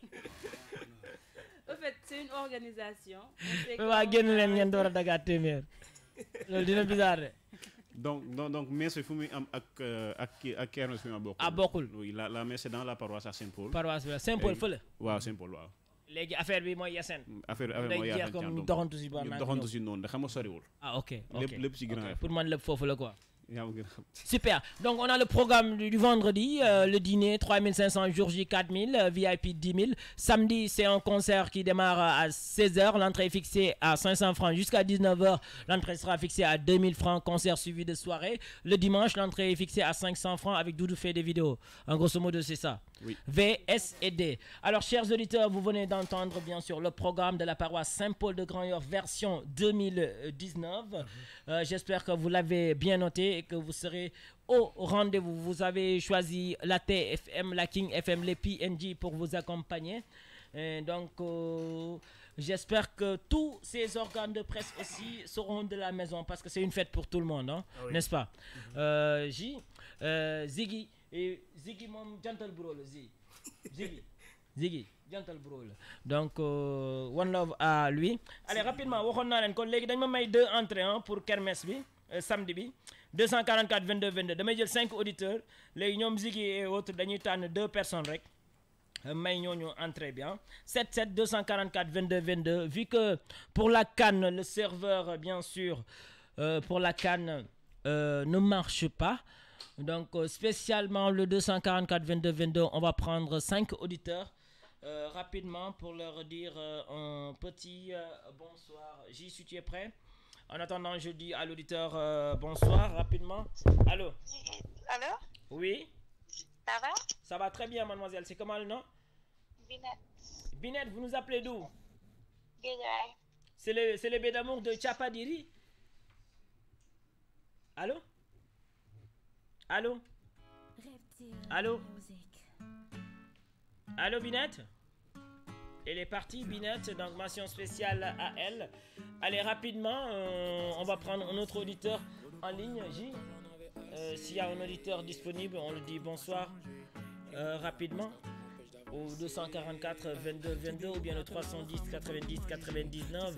fait c'est une organisation. waa génn leen ngeen door a dagaat téeméer dina bizarre donc donc donc messe fu muy am ak euh, ak ak kermesse fu muy am ah bokkul oui la la messe dans la paroisse à Saint-Paul. paroisse Saint-Paul fële. waaw Saint-Paul waaw. léegi affaire bi mooy Yessène. affaire affaire bi mooy Yessène Thiandoum doxantu si. doxantu si noonu de xam nga soriwul. ah ok ok lépp lépp si grand pour man lépp foofu la quoi. Super. Donc, on a le programme du, vendredi, euh, le dîner 3500, jour J 4000, VIP 10 000. Samedi, c'est un concert qui démarre à 16h. L'entrée est fixée à 500 francs jusqu'à 19h. L'entrée sera fixée à 2000 francs, concert suivi de soirée. Le dimanche, l'entrée est fixée à 500 francs avec Doudou fait des vidéos. En grosso modo, c'est ça. Oui. V, S et D. Alors, chers auditeurs, vous venez d'entendre, bien sûr, le programme de la paroisse Saint-Paul de grand version 2019. Mm-hmm. Euh, j'espère que vous l'avez bien noté que vous serez au rendez-vous. Vous avez choisi la TFM, la King FM, les PNG pour vous accompagner. donc, euh, j'espère que tous ces organes de presse aussi seront de la maison parce que c'est une fête pour tout le monde, hein, ah n'est-ce pas mhm. euh, J, euh, Ziggy, et Ziggy, gentle bro, Ziggy. Ziggy. donc one love à lui allez rapidement on a un collègue qui a deux entrées hein, pour kermesse bi samedi 244 22 22 damay jël 5 auditeurs Les ñom et autres dañuy tann deux personnes rek may ñooñu entrer bien 77 244 22 22 vu que pour la canne le serveur bien sûr euh, pour la canne euh, ne marche pas donc euh, spécialement le 244 22 22 on va prendre 5 auditeurs rapidement pour leur dire un petit bonsoir j'y suis tu es prêt en attendant, je dis à l'auditeur euh, bonsoir rapidement. Allô Allô Oui Ça va Ça va très bien, mademoiselle. C'est comment le nom Binette. Binette, vous nous appelez d'où C'est le, c'est le d'amour de Chapadiri Allô Allô Allô Allô, Binette elle est partie, Binette, donc mention spéciale à elle. Allez, rapidement, euh, on va prendre un autre auditeur en ligne, J. Euh, s'il y a un auditeur disponible, on le dit bonsoir euh, rapidement au 244 22 22 ou bien le 310 90 99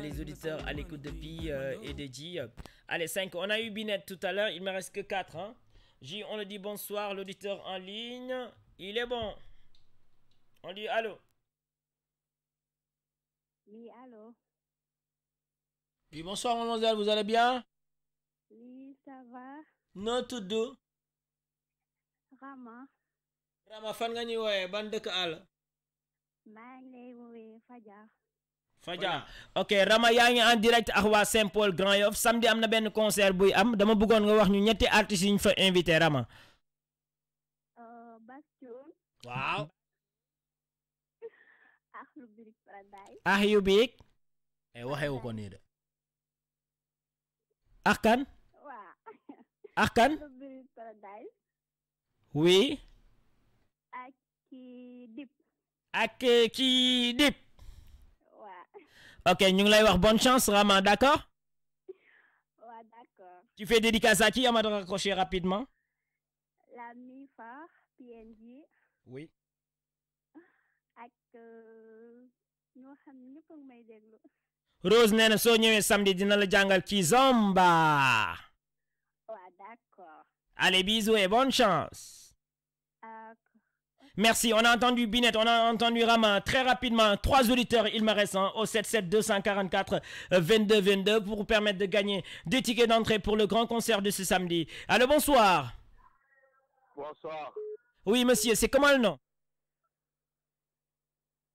les auditeurs à l'écoute de Pi et de J allez 5 on a eu Binette tout à l'heure il me reste que 4 hein. J on le dit bonsoir l'auditeur en ligne il est bon on dit allô oui, allô. Oui, bonsoir, mademoiselle, vous allez bien? Oui, ça va. non tout Rama. Rama fan nga ñuy wooyee ban dëkk ok Rama Yang en direct à Saint Paul Grand Yoff samedi concert oui am dama bëggoon nous wax ñu invité Rama. Euh, Bastion. ah you big ay waxee ko nii de ah kan ah kan oui ak Akidip ok ñu ngi lay wax bonne chance Rama d'accord tu fais dédicace à qui avant de raccrocher rapidement la mi png PNJ oui ak Rose samedi dina la jàngal Allez, bisous et bonne chance. Merci, on a entendu Binette, on a entendu Rama. Très rapidement, trois auditeurs, il me reste un au 77 244 22 22 pour vous permettre de gagner des tickets d'entrée pour le grand concert de ce samedi. Allez, bonsoir. Bonsoir. Oui, monsieur, c'est comment le nom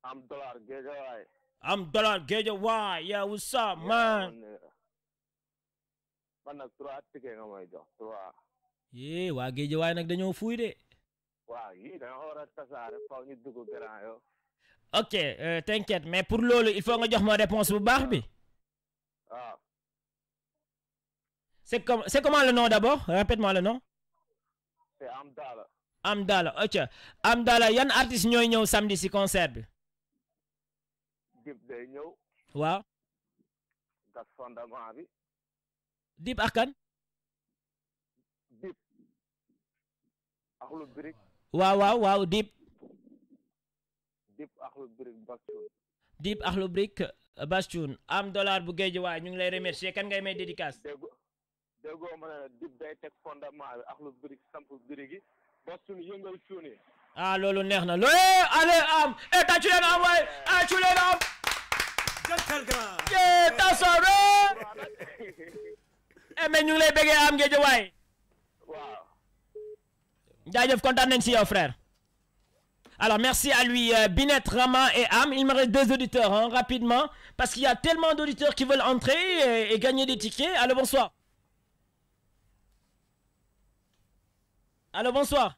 I'm Dollar Gagewaay. I'm Dollar Gagewaay. Yeah, what's up, man? man nag trois ticket nga may jox trois. yee waa Gagewaay nag dañoo fuuy de. waaw yii da nga war faw ñu dugg grand yo. ok euh, t'inquiète mais pour loolu il faut nga jox ma réponse bu baax bi. Ah. Ah. c'est comment le nom d'abord répète le nom. c'est Amdala. Amdala ok Amdala yan artiste ñooy ñëw samedi ci concert bi. dib day ñëw waaw gas fondement bi dib ak kan dib axlu birik waaw waaw waaw dib dib axlu birik bastion dib axlu birik am dollar bu géej waay ñu ngi lay remercier kan ngay may dédicace déggo déggoo ma dib day fondement Ah, loolu neex na allez am et eh, tàccu leen am waay tàccu eh, leen am. jërëjëf Tassaro. Eh, mais ñu ngi lay bëggee am géej waay. jaajëf kontaan nañ ci yow frère. Alors merci à lui, euh, Binet, Rama et Am. Il me reste deux auditeurs, hein, rapidement, parce qu'il y a tellement d'auditeurs qui veulent entrer et, et, gagner des tickets. Allô, bonsoir. Allô, bonsoir.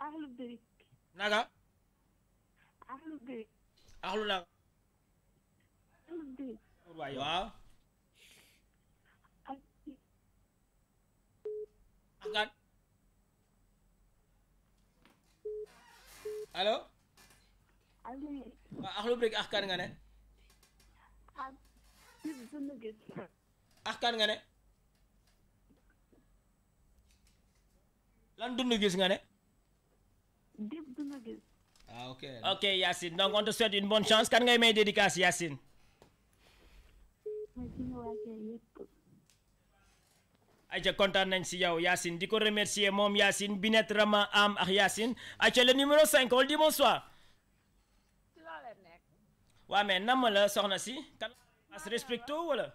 ahlu birik naga ahlu birik ahlu naga ahlu birik waaw akan halo ahlu birik ahkan nga ne gitu. ahkan nga ne lan dund gis nga ne ok ok donc on te souhaite une bonne chance kan ngay may dédicace Yacine gitu. Aja kontan nañ si yow Yacine di ko remercier moom Yacine Binet Rama Am ak ah, Yacine aca le numéro 5 on dit bonsoir waa mais nam la soxna si kan as respecto wala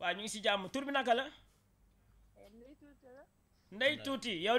waa ñu ngi si jàmm tur bi naka la ndey tuuti yow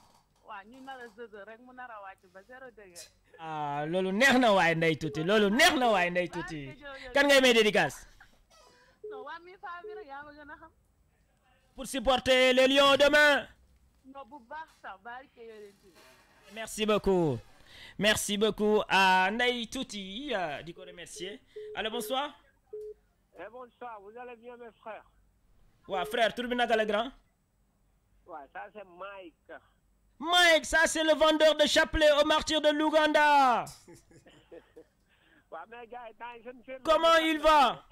waaw ñu nar a rek mu nar a ba zéro ah loolu neex na waaye Ndeye Tuuti loolu neex na waaye Ndeye Tuuti kan ngay may dédicace. non waa mi faa rek yaa ma gën xam. pour supporter les Lions demain. non bu baax sax barke yore merci beaucoup merci beaucoup à Ndeye Tuuti euh, di ko remercier allez bonsoir. Eh, bonsoir vous allez bien mes frères. waaw frère tur bi naka la grand. waaw ça c'est Mike. Mike, ça c'est le vendeur de chapelet aux martyrs de l'Ouganda. Comment il va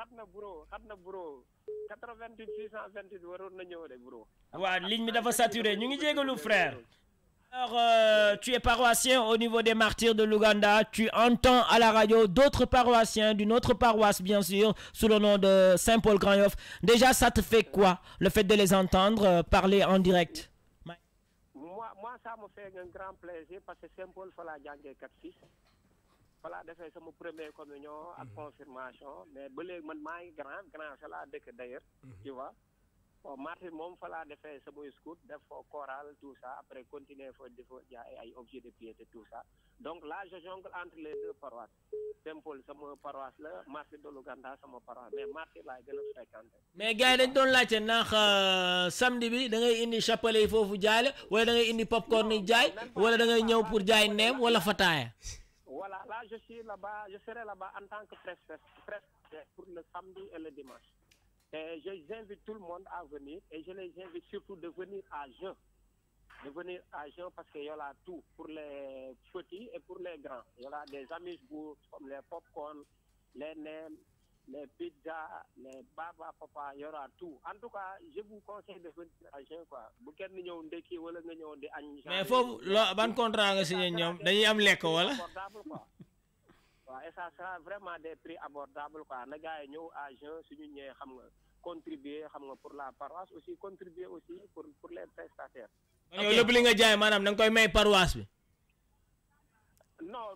frère. Alors, euh, tu es paroissien au niveau des martyrs de l'Ouganda. Tu entends à la radio d'autres paroissiens d'une autre paroisse, bien sûr, sous le nom de Saint-Paul Grandioff. Déjà, ça te fait quoi, le fait de les entendre euh, parler en direct moi, ça me fait un grand plaisir parce que c'est paul il jàngee kat fils voilà c'est mon premier communion à mm-hmm. confirmation mais je suis man grand grand fa là, d'ailleurs mm-hmm. tu vois bon Martin moom fa laa defee samay scout def foo Coral, tout ça après continuer foo di jaay ay objets de piété tout ça donc là je jongle entre les deux paroisses Saint-Paul sama paroisse la marché de Luganda sama paroisse mais marché laay gën a fréquenté. mais gars yi dañ doon laajte ndax euh, samedi bi da ngay indi chapelet yi foofu jaay wala da ngay indi popcorn yi jaay wala da ngay ñëw pour jaay neem wala fataaya. voilà là je suis là-bas je serai là-bas en tant que presse presse pour le samedi et le dimanche. Euh, je les invite tout le monde à venir et je les invite surtout de venir à jeun. De venir à jeun parce qu'il y a tout pour les petits et pour les grands. Il y a des amuse bouche comme les pop-corn, les nems, les pizzas, les baba, papa, il y aura tout. En tout cas, je vous conseille de venir à jeun quoi. Bu kenn ñëw ndekki wala nga ñëw di añ. Mais faut. ban contrat nga signé dañuy am wala. waaw et ça sera vraiment des prix abordables quoi na gars ñëw à jeun suñu ñëwee xam nga contribuer xam nga pour la paroisse aussi contribuer aussi pour pour les prestataires. ok li nga jaay maanaam da nga koy may paroisse bi. non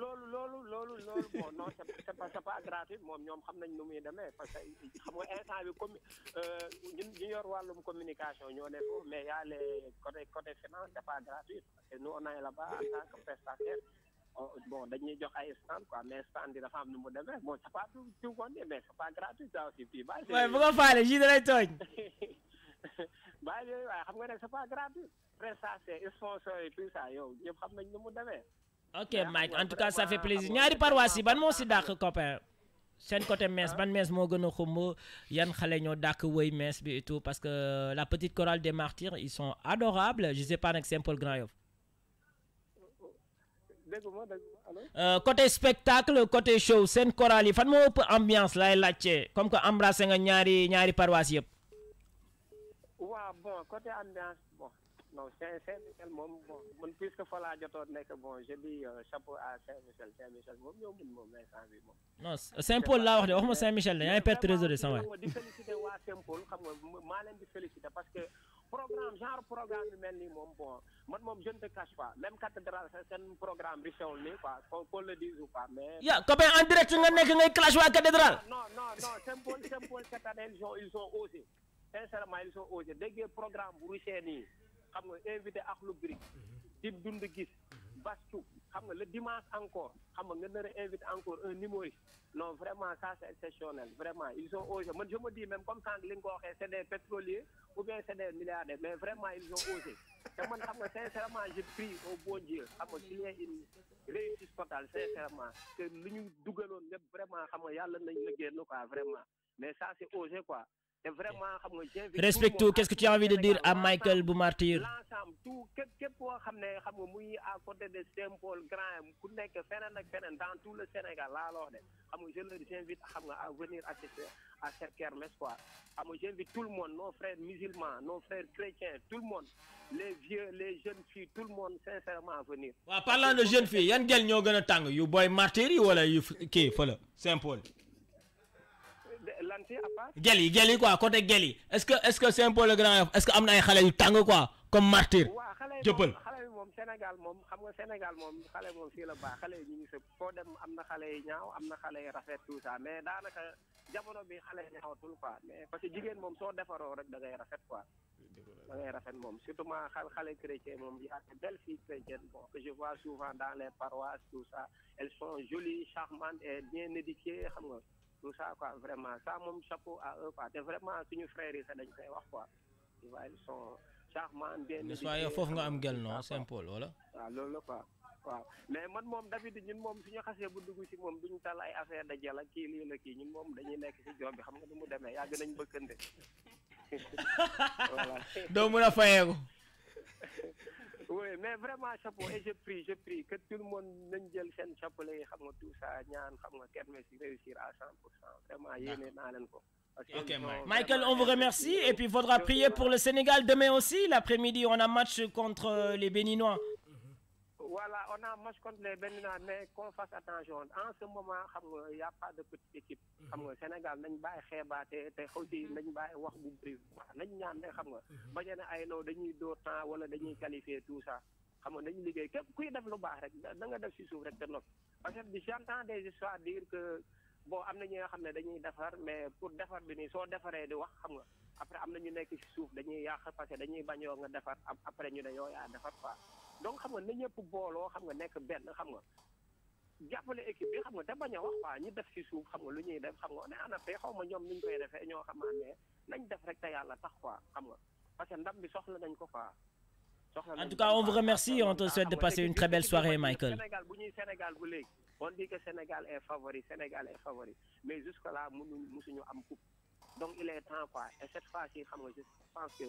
loolu loolu loolu loolu bon non c' pas gratuit moom ñoom xam nañ nu muy demee parce que xam nga instant bi commu euh, ñun ñu yor wàllum communication ñoo ne foofu mais y' a les côté côté finance c' est pas gratuit parce que nous on est là-bas en tant Euh, bon dañuy jox ay stand quoi mais stand yi dafa am nu mu demee bon c'est pas tout tout bon mais c'est pas gratuit ça aussi fii bàyyi ouais, bu ko faale ji dalay tooñ bàyyi yooyu waaye xam nga ne c'est pas gratuit prestation sponsor et tout ça yow ñëpp xam nañ nu mu demee ok Mike en tout cas ça fait plaisir ñaari paroisse yi ban moo si dàq euh, copain seen côté mees hein? ban mees moo gën a xumb yan xale ñoo dàkk wëy mees bi et tout parce que euh, la petite chorale des martyrs ils sont adorables je sais pas nag Saint-Paul Grand Yoff euh, côté spectacle côté show scène chorale yi fan moo ëpp ambiance lay laajte comme que embrasser nga ñaari ñaari paroisse yëpp. waaw bon côté ambiance bon non Saint-Michel moom bon puisque fa laa jotoon nekk bon je dis euh, chapeau à Saint-Michel Saint-Michel moom ñoo mun moom instant bi moom. non Saint-Paul laa wax de waxuma Saint-Michel de yaa ngi perte réseau de sama. di féliciter waa Saint-Paul xam nga maa leen di féliciter parce que. programme genre programme bi mel nii moom bon man moom je ne te cache pas même cathédrale seen programme richewul nii quoi qu'on qu'on le dise ou pas mais. yaa copain en direct nga nekk ngay clash waa cathédrale. non non non simple simple cette année ils ont ils ont osé sincèrement ils ont osé déggee programme riche nii xam nga invité ak lu bëri. Mhm. di gis bastu. xam nga le dimanche encore xam nga nga nar encore un humoriste non vraiment ça c'est exceptionnel vraiment ils sont osé. man je me dis même comme ça, li nga c'est des pétroliers ou bien c'est des milliardaires mais vraiment ils ont osé te man xam nga sincèrement j'ai pris au bon Dieu xam nga qu'il y ait une réussite totale sincèrement que li ñu dugaloon vraiment xam nga yàlla nañ la quoi vraiment mais ça c'est osé quoi Respecte qu'est-ce que tu as envie de dire à Michael Boumartir L'ensemble, tout, à je les invite à venir assister à cette kermesse. J'invite tout le monde, nos frères musulmans, nos frères chrétiens, tout le monde, les vieux, les jeunes filles, tout le monde, sincèrement, à venir. parlant de jeunes filles, Yann Gel Nyogan Tang, you boy martyr ou la you Saint-Paul Geli, geli quoi côté geli. est ce que est ce que un peu le Grand est ce que Amna na ay xale quoi comme martyr. jëppal waaw xale Sénégal mom. xam nga Sénégal mom. xalé mom fi la ba, xalé ñi ñu ngi sëb foo dem amna xalé xale yi ñaaw rafet tout ça mais danaka jamono bi xalé yi ñaawatul quoi mais parce que jigéen mom so defaroo rek da ngay rafet quoi. da ngay rafet mom, surtout ma xal xale chrétien mom. y a de belles filles chrétiennes bon que je vois souvent dans les paroisses tout ça elles sont jolies charmantes et bien éduquées xam nga. tout ça quoi vraiment ça moom chapeau à eux quoi te vraiment suñu frères yi sax dañ koy wax quoi tu vois ils sont charmants bien éduqués foofu nga am gel non Saint-Paul wala waaw loolu la quoi mais man moom d'habitude ñun moom suñu xasee bu dugg si moom duñu tal ay affaire da jël kii lii la kii ñun moom dañuy nekk si joom bi xam nga nu mu demee yàgg ñu bëkkante voilà doo mën a fayeeku oui mais vraiment chapeau et je prie je prie que tout le monde n'aille jël seen chapelet tout ça ñaan réussir à 100 vraiment Michael. Michael, on vous remercie et puis il faudra prier pour le Sénégal demain aussi. L'après-midi, on a match contre euh, les Béninois voilà, on a un match contre les Béninois, mais qu'on fasse attention. En ce moment, il n'y a pas de petite équipe. Mhm. Au Sénégal, nous avons aussi nous avons des prises. Nous avons des prises. Nous avons des temps, nous avons qualifié tout ça. Nous avons des ligues. Qui a fait le bar Nous avons des sous Parce que j'entends des histoires dire que bon, amna ñi nga xam dañuy défar mais pour défar bi ni so défaré di wax xam nga après amna ñu nekk ci souf dañuy yàq parce que dañuy bañoo nga défar après ñu ne yow yaa defar quoi donc xam nga na ñëpp booloo xam nga nekk benn xam nga jàppale équipe bi xam nga da bañ a wax quoi ñu def si suuf xam nga lu ñuy def xam nga ne ana fee xaw ma ñoom ni ñu koy defee ñoo xamaan ne nañ def rek te yàlla tax quoi xam nga parce que ndam bi soxla nañ ko quoi. en tout cas on vous remercie on te ah, souhaite de passer une très belle soirée Michael. Sénégal bu Sénégal bu léegi on dit que Sénégal est favori Sénégal est favori mais jusque là mënuñ mësuñu am coupe donc il est temps quoi et cette fois ci xam nga je pense que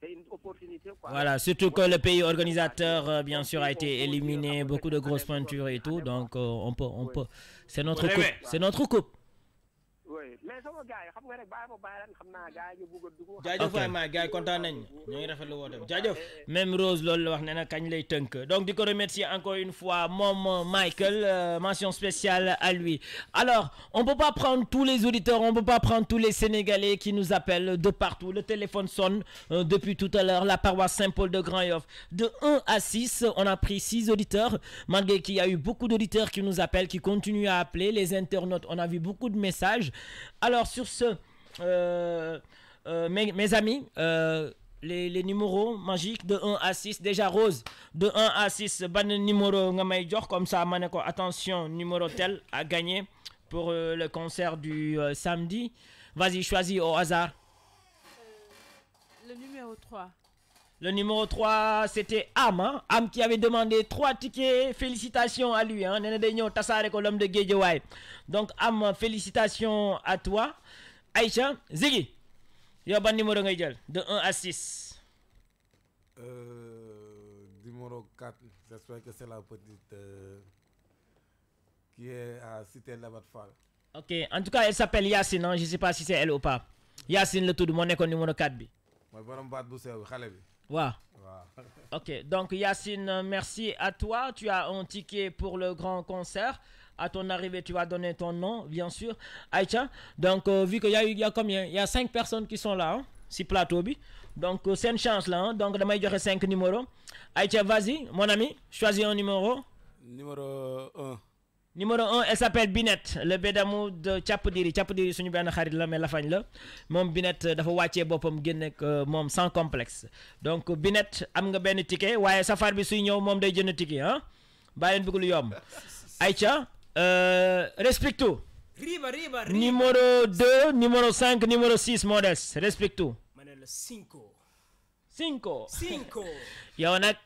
c'est une opportunité. Voilà, surtout que le pays organisateur, euh, bien sûr, a été éliminé, beaucoup de grosses peintures et tout, donc euh, on peut, on peut. C'est notre coupe, c'est notre coupe gars xam a donc di ko remercier encore une fois moom euh, Michael euh, mention spéciale à lui alors on peut pas prendre tous les auditeurs on peut pas prendre tous les Sénégalais qui nous appellent de partout le téléphone sonne euh, depuis tout à l'heure la paroisse Saint-Paul de Grand-Yoff de 1 à 6 on a pris 6 auditeurs malgré qu'il y a eu beaucoup d'auditeurs qui nous appellent qui continuent à appeler les internautes on a vu beaucoup de messages alors, sur ce, euh, euh, mes, amis, euh, les, numéros magiques de 1 à 6. Déjà, Rose, de 1 à 6, ban numéro comme ça, attention, numéro tel à gagner pour le concert du samedi. Vas-y, choisis au hasard. le numéro 3. Le numéro 3, c'était Am. Hein. Am qui avait demandé 3 tickets. Félicitations à lui. Hein? l'homme de Donc, Am, félicitations à toi. Aïcha, Ziggy. Il y a un numéro de 1 à 6. Euh, numéro 4, j'espère que c'est la petite euh, qui est à Cité Labatfal. Ok, en tout cas, elle s'appelle Yacine. Hein. Je ne sais pas si c'est elle ou pas. Yacine, le tout de monde est numéro 4. Moi, je vais bi voilà Ok, donc Yacine, merci à toi. Tu as un ticket pour le grand concert. À ton arrivée, tu vas donner ton nom, bien sûr. Aïcha, donc euh, vu qu'il y, a, combien Il y a 5 personnes qui sont là, hein, si plateau. Donc euh, c'est une chance là. Hein. Donc demain, il y aura 5 numéros. Aïcha, vas-y, mon ami, choisis un numéro. Numéro 1 numéro 1, elle s'appelle Binette le bédamu de Chapoudiri. diri càpp diri suñu benn xarit la mais lafañ la moom Binette dafa wàccee boppam génne euh, sans complexe donc Binette am nga ben ticket waaye safar bi suy ñëw mom day jënd ticket Hein? bàyyi leen Yom. lu euh, Aïcha respecte tout riba riba numéro 2 numéro 5 numéro 6 moo respecte tout ma 5. cinco cinco cinco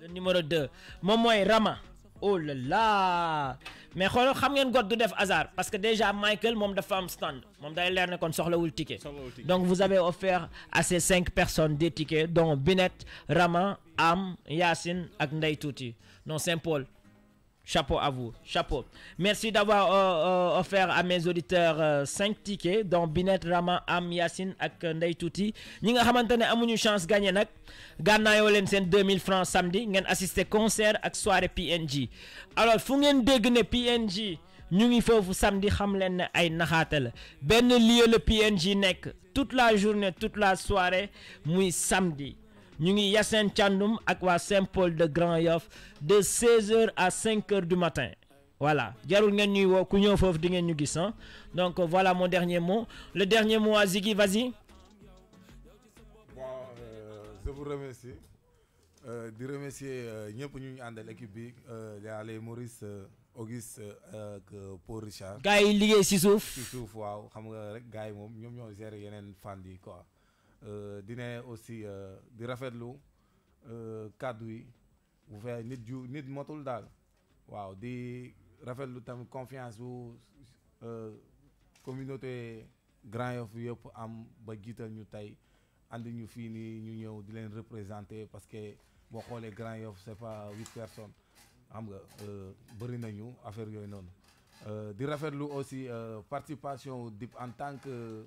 le numéro 2 Momo et Rama oh là là mais pas xam ngeen God du def hasard parce que déjà Michael moom dafa am stand mom day leer ne kon le ticket donc vous avez offert à ces 5 personnes des tickets dont Binet Rama Am Yassine ak Ndey touti non Saint Paul Chapeau à vous, chapeau. Merci d'avoir euh, euh, offert à mes auditeurs euh, cinq 5 tickets dont Binet Rama Am Yassine ak Ndeye Touti ñi nga xamante amuñu chance gagner. Gagner gànnaayoo leen 2000 francs samedi assisté assister concert la soirée PNJ alors fu vous dégg ne PNJ ñu ngi fofu samedi xam leen ay le PNJ nek toute la journée toute la soirée muy samedi ñu ngi Yacine tiandum ak wa Saint-Paul de Grand Yoff de 16h à 5h du matin voilà jarul ngeen ñuy wo ku nous fofu di ngeen ñu gis hein. donc euh, voilà mon dernier mot le dernier mot à Ziggy vas-y. bon euh, je vous remercie euh, di remercier ñëpp ñu ñu àndal équipe bi euh les Maurice Auguste ak Paul Richard. Gaïli, liggéey si souf si suuf waaw xam nga rek gaay moom ñoom ñoo gérer yeneen fan yi quoi. Euh, di ne aussi euh, di rafetlu euh, kàddu yi bu fekkee nit ju nit motul dal waaw di rafetlu tam confiance bu communauté Grand yof yëpp am ba jiital ñu tey andi ñu fii nii ñu ñëw di leen représenter parce que boo xoolee Grand Yoff c'est pas huit personnes xam nga bëri nañu affaire yooyu noonu di rafetlu aussi participation dip en tant que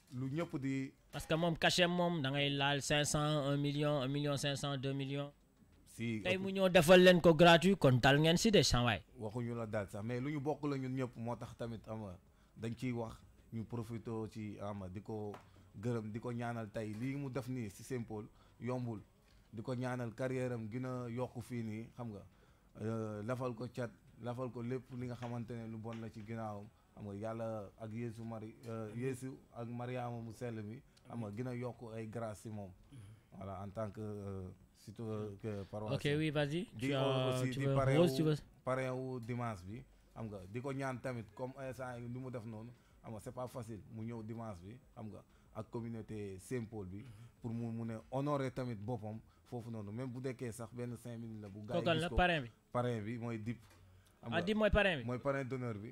lu ñëpp di. parce que moom cachet moom da ngay laal cinq cent million un million cinq cent deux millions. si tey mu ñoo defal leen ko gratuit kon dal ngeen si de sanwaay. waxuñu la daal sax mais lu ñu bokk la ñun ñëpp moo tax tamit am nga dañ ciy wax ñu profité ci ama di ko gërëm di ko ñaanal tey lii mu def nii si simple yombul di ko ñaanal carrière am a yokk fii nii xam nga euh, lafal ko cat lafal ko lépp li nga xamante ne lu bon la ci ginnaawam. xam nga yàlla ak yéesu Mari euh, Yeesu ak Mariama mu sell bi xam nga gën a yokk ay grâce ci moom voilà en tant que surtout euh, euh, que paroisse ok oui vas-y di aussi di bi xam nga di ko ñaan tamit comme instant ni mu def noonu xam nga c'est pas facile mu ñëw dimanche bi xam nga ak communauté Saint-Paul bi pour mu mun a honorer tamit boppam foofu noonu même bu dekkee sax benn cinq minutes la bu gars yi gis bi parrain bi mooy dip xam ah, nga dip mooy parrain bi mooy parrain d'honneur bi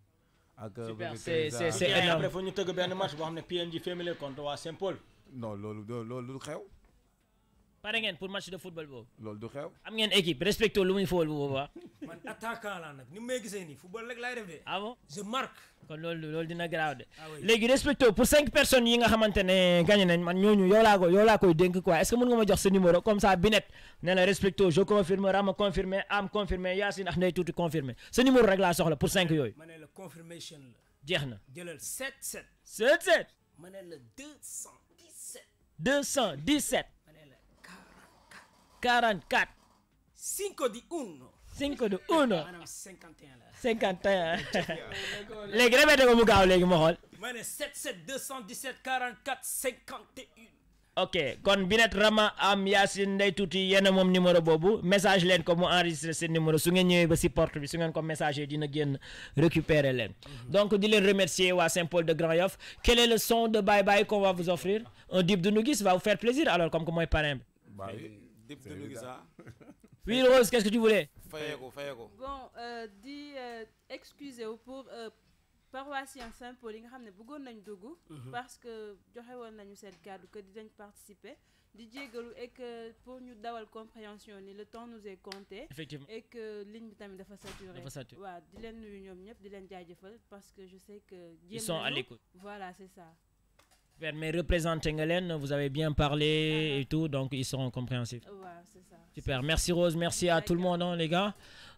ak. c'est c'est c'est énorme après foo ñu tëgg benn match boo xam ne PNG Family contre waa Saint Paul. non loolu loolu lu xew. pare ngeen pour match de football boobu. loolu du xew. am ngeen équipe respecto lu muy football boobu man attaquant laa nag ni may gisee nii football rek lay def de. ah bon je marque. kon loolu loolu dina garaaw de. Ah léegi respecto pour cinq personnes yi nga xamante ne gagné nañ man ñooñu yow laa ko yow laa koy dénk quoi est ce que mën nga ma jox sa numéro comme ça binet ne la respecto je confirme Rama confirme. am confirme. Yassine, ak Ndeye Tuuti confirmé sa numéro rek laa soxla pour cinq yooyu. ma ne la confirmation la. jeex na jëlal 7-7 ma ne la 217. 217. 44. 5 de 1. 5 de 1. 51 la. 51. léegi répété ko mu gaaw léegi ma xool. ma 77 217 44 51. ok kon Binet Rama am Yassine Ndey Touti yéen un numéro bobu, message len ko mu enregistré ce numéro su ngeen ba si porte bi su ngeen ko messager dina génn récupérer len. Mhm. donc di len remercier wa Saint-Paul de Grand Yoff quel est le son de Bye Bye qu'on va vous offrir un dip de nous va vous faire plaisir alors comme que mooy parrain Oui, Rose, qu'est-ce que tu voulais Bon, euh, dis, euh, excusez-vous pour euh, paroissien saint mhm. parce que cadre que Didier et que pour nous d'avoir compréhension, le temps nous est compté. Et que de parce que je sais que... sont à l'écoute. Voilà, c'est ça mais représente Tengelen, vous avez bien parlé uh-huh. et tout, donc ils seront compréhensifs. Ouais, c'est ça. Super, merci Rose, merci à tout le monde, hein, les gars.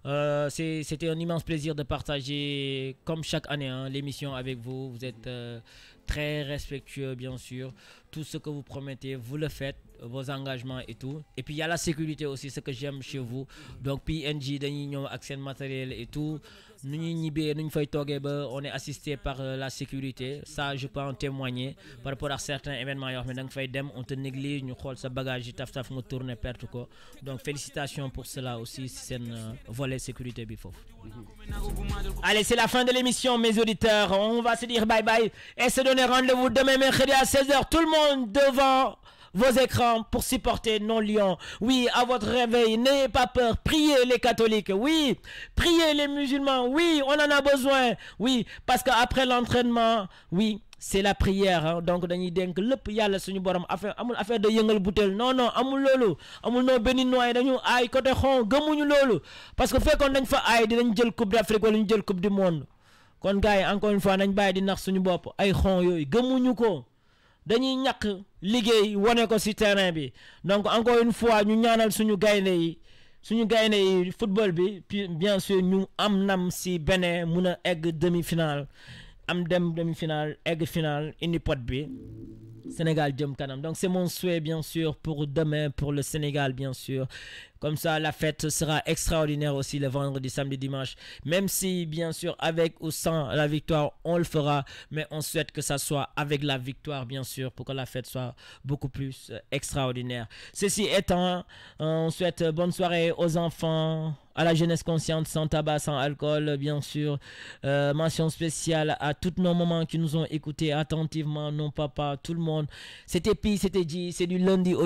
Euh, c'était un immense plaisir de partager, comme chaque année, hein, l'émission avec vous. Vous êtes euh, très respectueux, bien sûr. Tout ce que vous promettez, vous le faites, vos engagements et tout. Et puis il y a la sécurité aussi, ce que j'aime chez vous. Donc PNJ, Danignon, accès matériel et tout nous eh ben, on est assisté par euh, la sécurité ça je peux en témoigner par rapport à certains événements on te néglige ñu xol sa bagage taf taf donc félicitations pour cela aussi c'est un euh, volet sécurité Allez, c'est la fin de l'émission, mes auditeurs. On va se dire bye bye et se donner rendez-vous demain mercredi à 16h. Tout le monde devant vos écrans pour supporter non lions Oui, à votre réveil, n'ayez pas peur. Priez les catholiques. Oui, priez les musulmans. Oui, on en a besoin. Oui, parce qu'après l'entraînement, oui, c'est la prière hein. donc dañuy denk lépp yalla suñu borom affaire amul affaire de yengal boutel. non non amul lolu. amul no béninois yi dañu ay côté xon gëmuñu lolu parce que fekkon dañ fa ay dinañ jël coupe d'Afrique wala ñu jël coupe du monde kon gars encore une fois nañ bay di nax suñu bop ay xon yoy gëmuñu ko dañuy ñàkk liggéey wane ko ci terrain bi donc encore une fois ñu ñaanal suñu gaynde yi suñu gaynde yi football bi bien sûr ñu am nam ci beneen mun a demi-finale am dem demi-finale egg finale indi pot bi Sénégal jëm kanam donc c'est mon souhait bien sûr pour demain pour le Sénégal bien sûr comme ça, la fête sera extraordinaire aussi le vendredi, samedi, dimanche. Même si, bien sûr, avec ou sans la victoire, on le fera. Mais on souhaite que ça soit avec la victoire, bien sûr, pour que la fête soit beaucoup plus euh, extraordinaire. Ceci étant, on souhaite bonne soirée aux enfants à la jeunesse consciente, sans tabac, sans alcool, bien sûr. Euh, mention spéciale à toutes nos mamans qui nous ont écoutés attentivement, nos papas, tout le monde. C'était Pi, c'était dit, c'est du lundi au